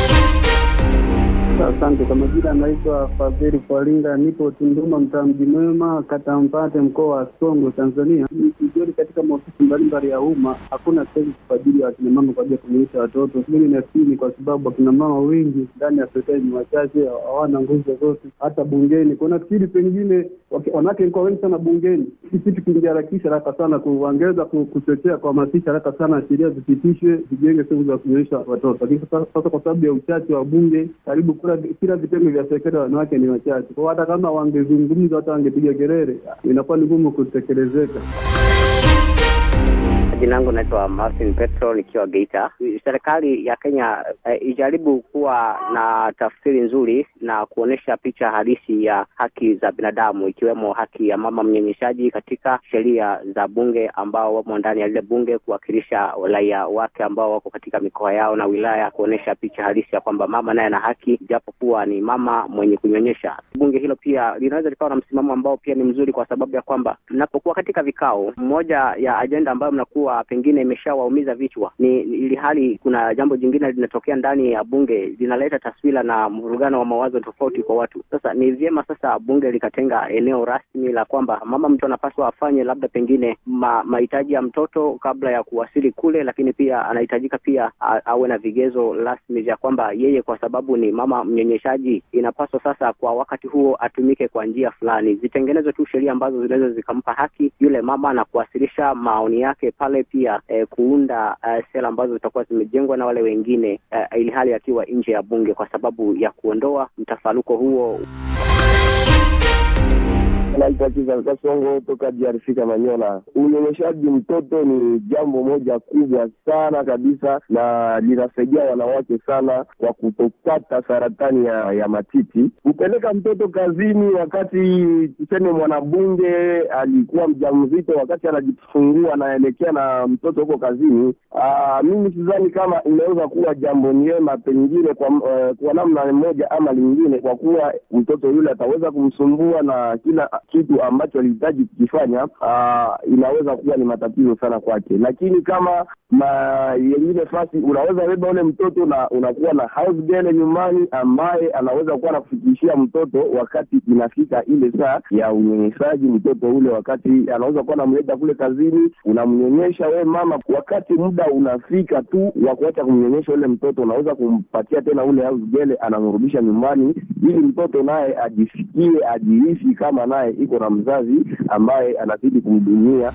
啊！Asante. Kwa majina anaitwa Fadhili Kwalinga, nipo Tunduma, mtaa Mji Mwema, kata Mpate, mkoa wa Songwe, Tanzania. Nikijoli katika maofisi mbalimbali ya umma, hakuna sehemu kwa ajili ya wakinamama kwa ajili ya kunyonyesha watoto. Mimi nafikiri kwa sababu wakinamama wengi ndani ya serikali ni wachache, hawana nguvu zozote, hata bungeni. Kwa nafikiri pengine wanawake walikuwa wengi sana bungeni, hii kitu kingeharakisha haraka sana, wangeweza kuchochea kuhamasisha haraka sana, sheria zipitishwe, zijenge sehemu za kunyonyesha watoto. Lakini sasa kwa sababu ya uchache wa bunge karibu kila vitengo vya serikali wanawake ni wachache, kwao, hata kama wangezungumza, hata wangepiga kelele, inakuwa ni ngumu kutekelezeka. Jina langu naitwa Martin Petro nikiwa Geita. Serikali ya Kenya eh, ijaribu kuwa na tafsiri nzuri na kuonesha picha halisi ya haki za binadamu ikiwemo haki ya mama mnyonyeshaji katika sheria za bunge ambao wamo ndani ya lile bunge kuwakilisha raia wake ambao wako katika mikoa yao na wilaya, kuonesha picha halisi ya kwamba mama naye ana haki japokuwa ni mama mwenye kunyonyesha. Bunge hilo pia linaweza likawa na msimamo ambao pia ni mzuri, kwa sababu ya kwamba mnapokuwa katika vikao, moja ya ajenda ambayo mnakuwa kuwa pengine imeshawaumiza vichwa, ni ili hali kuna jambo jingine linatokea ndani ya bunge linaleta taswira na mvurugano wa mawazo tofauti kwa watu. Sasa ni vyema sasa bunge likatenga eneo rasmi la kwamba mama mtu anapaswa afanye labda pengine ma, mahitaji ya mtoto kabla ya kuwasili kule, lakini pia anahitajika pia a, awe na vigezo rasmi vya kwamba yeye kwa sababu ni mama mnyonyeshaji, inapaswa sasa kwa wakati huo atumike kwa njia fulani. Zitengenezwe tu sheria ambazo zinaweza zikampa haki yule mama na kuwasilisha maoni yake pale tutegemee pia eh, kuunda eh, sera ambazo zitakuwa zimejengwa na wale wengine eh, ili hali akiwa nje ya bunge kwa sababu ya kuondoa mtafaruko huo. Alta Kizalika Songo toka DRC Kamanyola. Unyonyeshaji mtoto ni jambo moja kubwa sana kabisa, na linasaidia wanawake sana kwa kutopata saratani ya, ya matiti. Kupeleka mtoto kazini wakati tuseme mwanabunge alikuwa mjamzito, wakati anajifungua anaelekea na mtoto huko kazini. Ah, mimi sidhani kama inaweza kuwa jambo njema, pengine kwa, uh, kwa namna moja ama lingine, kwa kuwa mtoto yule ataweza kumsumbua na kila kitu ambacho alihitaji kukifanya, uh, inaweza kuwa ni matatizo sana kwake, lakini kama yengine fasi unaweza beba ule mtoto na unakuwa na house girl nyumbani ambaye anaweza kuwa anafikishia mtoto wakati inafika ile saa ya unyenyesaji mtoto ule, wakati anaweza kuwa anamleta kule kazini, unamnyonyesha we mama, wakati muda unafika tu wa kuacha kumnyonyesha ule mtoto, unaweza kumpatia tena ule house girl, anamrudisha nyumbani, ili mtoto naye ajisikie ajihisi kama naye yuko na mzazi ambaye anazidi kumdumia.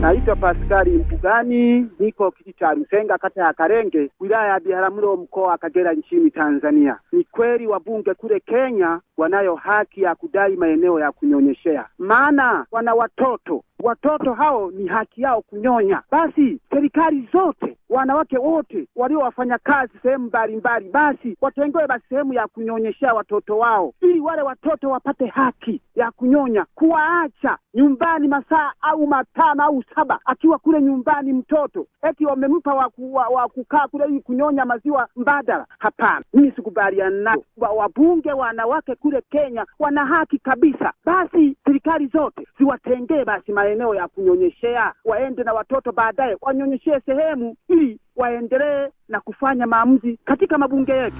Naitwa Paskari Mbugani, niko kiti cha Rusenga, kata ya Karenge, wilaya ya Biharamulo, mkoa wa Kagera, nchini Tanzania. Ni kweli wabunge kule Kenya wanayo haki ya kudai maeneo ya kunyonyeshea, maana wana watoto watoto hao ni haki yao kunyonya. Basi serikali zote, wanawake wote walio wafanya kazi sehemu mbalimbali, basi watengewe basi sehemu ya kunyonyeshea watoto wao, ili wale watoto wapate haki ya kunyonya. Kuwaacha nyumbani masaa au matano au saba, akiwa kule nyumbani mtoto eti wamempa wa kukaa kule ili kunyonya maziwa mbadala. Hapana, mimi sikubaliana nao. Wabunge wanawake kule Kenya wana haki kabisa. Basi serikali zote ziwatengee basi maeneo maeneo ya kunyonyeshea, waende na watoto baadaye wanyonyeshee sehemu, ili waendelee na kufanya maamuzi katika mabunge yetu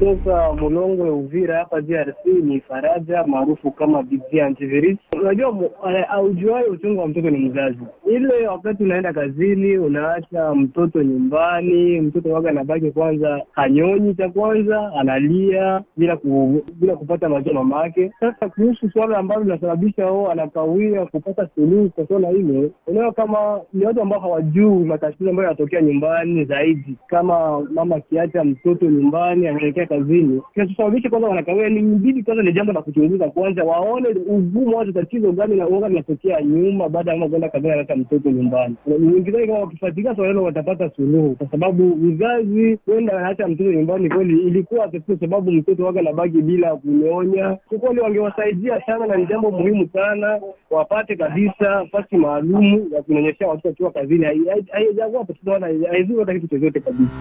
sasa Mulongwe, Uvira hapa DRC ni Faraja maarufu kama Bibia Antivirus. Unajua eh, aujuai uchungu wa mtoto ni mzazi. Ile wakati unaenda kazini, unaacha mtoto nyumbani, mtoto waga anabaki kwanza, hanyonyi cha kwanza, analia bila ku, bila kupata maji mama yake. Sasa kuhusu swala ambalo linasababisha o anakawia kupata suluhu kwa swala hilo, unaona kama ni watu ambao hawajui matatizo ambayo yanatokea nyumbani zaidi, kama mama akiacha mtoto nyumbani anaelekea kuingia kazini, kinachosababisha kwanza wanakawia ni mbidi, kwanza ni jambo la kuchunguza kwanza, waone ugumu watu tatizo gani na uoga nyuma, baada ya mama kwenda kazini analeta mtoto nyumbani. Wengine kama wakifuatilia swala hilo watapata suluhu, kwa sababu uzazi kwenda anaacha mtoto nyumbani kweli ilikuwa tatizo, sababu mtoto waga na baki bila kunyonya. Kwa kweli wangewasaidia sana, na ni jambo muhimu sana wapate kabisa fasi maalum ya kunyonyeshea watoto wakiwa kazini. Haijakuwa tatizo wala haizuri hata kitu chochote kabisa.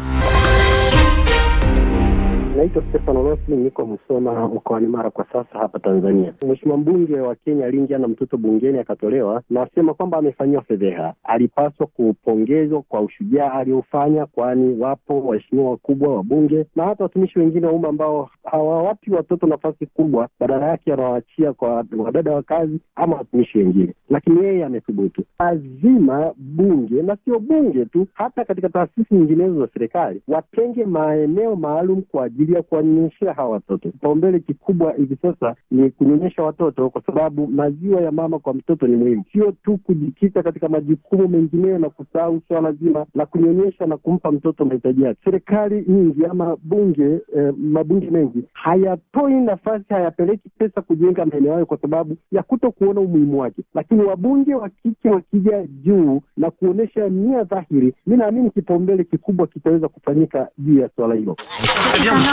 Naitwa Stefano Rossi, niko Msoma mkoani Mara kwa sasa hapa Tanzania. Mheshimiwa mbunge wa Kenya aliingia na mtoto bungeni akatolewa, nasema kwamba amefanyiwa fedheha. Alipaswa kupongezwa kwa ushujaa aliofanya, kwani wapo waheshimiwa wakubwa wa bunge na hata watumishi wengine wa umma ambao hawawapi watoto nafasi kubwa, badala yake anawaachia kwa wadada wa kazi ama watumishi wengine, lakini yeye amethubutu. Lazima bunge na sio bunge tu, hata katika taasisi nyinginezo za serikali watenge maeneo maalum kwa ajili kufikiria kuwanyonyeshea hawa watoto. Kipaumbele kikubwa hivi sasa ni kunyonyesha watoto, kwa sababu maziwa ya mama kwa mtoto ni muhimu, sio tu kujikita katika majukumu mengineyo na kusahau swala zima la kunyonyesha na kumpa mtoto mahitaji yake. Serikali nyingi ama bunge eh, mabunge mengi hayatoi nafasi, hayapeleki pesa kujenga maeneo hayo kwa sababu ya kuto kuona umuhimu wake, lakini wabunge wa kike wakija juu na kuonyesha nia dhahiri, mi naamini kipaumbele kikubwa kitaweza kufanyika juu ya swala hilo.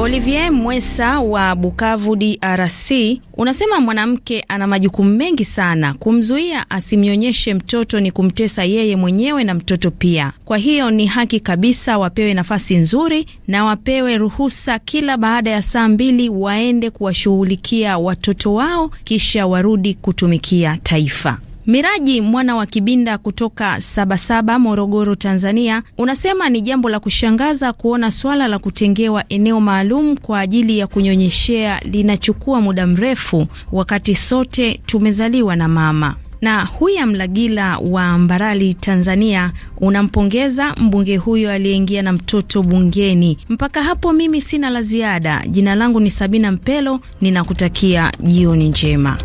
Olivier Mwesa wa Bukavu, DRC, unasema mwanamke ana majukumu mengi sana. Kumzuia asimnyonyeshe mtoto ni kumtesa yeye mwenyewe na mtoto pia. Kwa hiyo ni haki kabisa wapewe nafasi nzuri na wapewe ruhusa kila baada ya saa mbili waende kuwashughulikia watoto wao, kisha warudi kutumikia taifa. Miraji mwana wa Kibinda kutoka Sabasaba, Morogoro, Tanzania, unasema ni jambo la kushangaza kuona swala la kutengewa eneo maalum kwa ajili ya kunyonyeshea linachukua muda mrefu, wakati sote tumezaliwa na mama na huya Mlagila wa Mbarali, Tanzania, unampongeza mbunge huyo aliyeingia na mtoto bungeni. Mpaka hapo mimi sina la ziada. Jina langu ni Sabina Mpelo, ninakutakia jioni njema.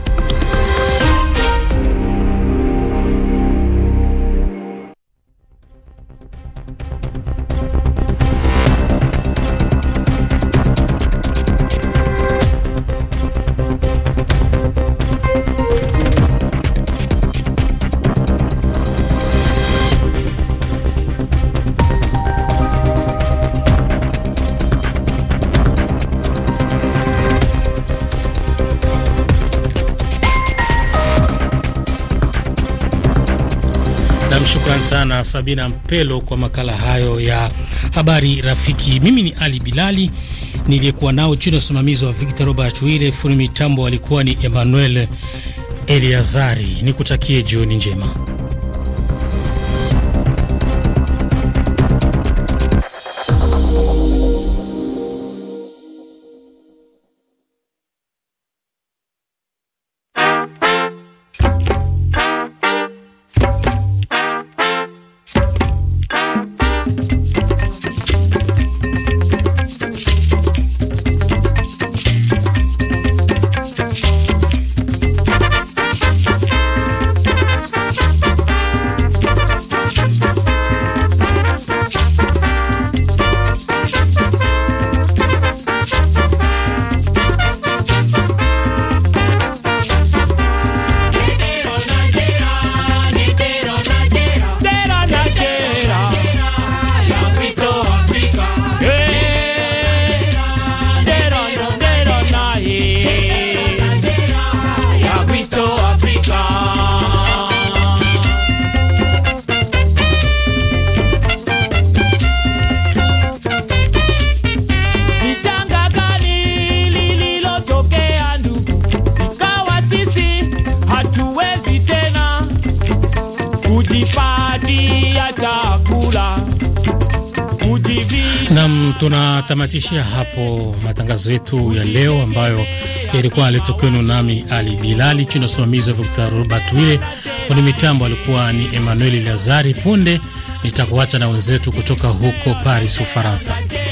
na Sabina Mpelo kwa makala hayo ya habari rafiki. Mimi ni Ali Bilali niliyekuwa nao chini ya usimamizi wa Victor Robert Wile, fundi mitambo alikuwa ni Emmanuel Eliazari. Nikutakie jioni njema. tunatamatisha hapo matangazo yetu ya leo ambayo yalikuwa aletwa kwenu nami Ali Bilali chini ya usimamizi wa Dr. Robert Wile. Fundi mitambo alikuwa ni Emmanuel Lazari. Punde nitakuacha na wenzetu kutoka huko Paris, Ufaransa.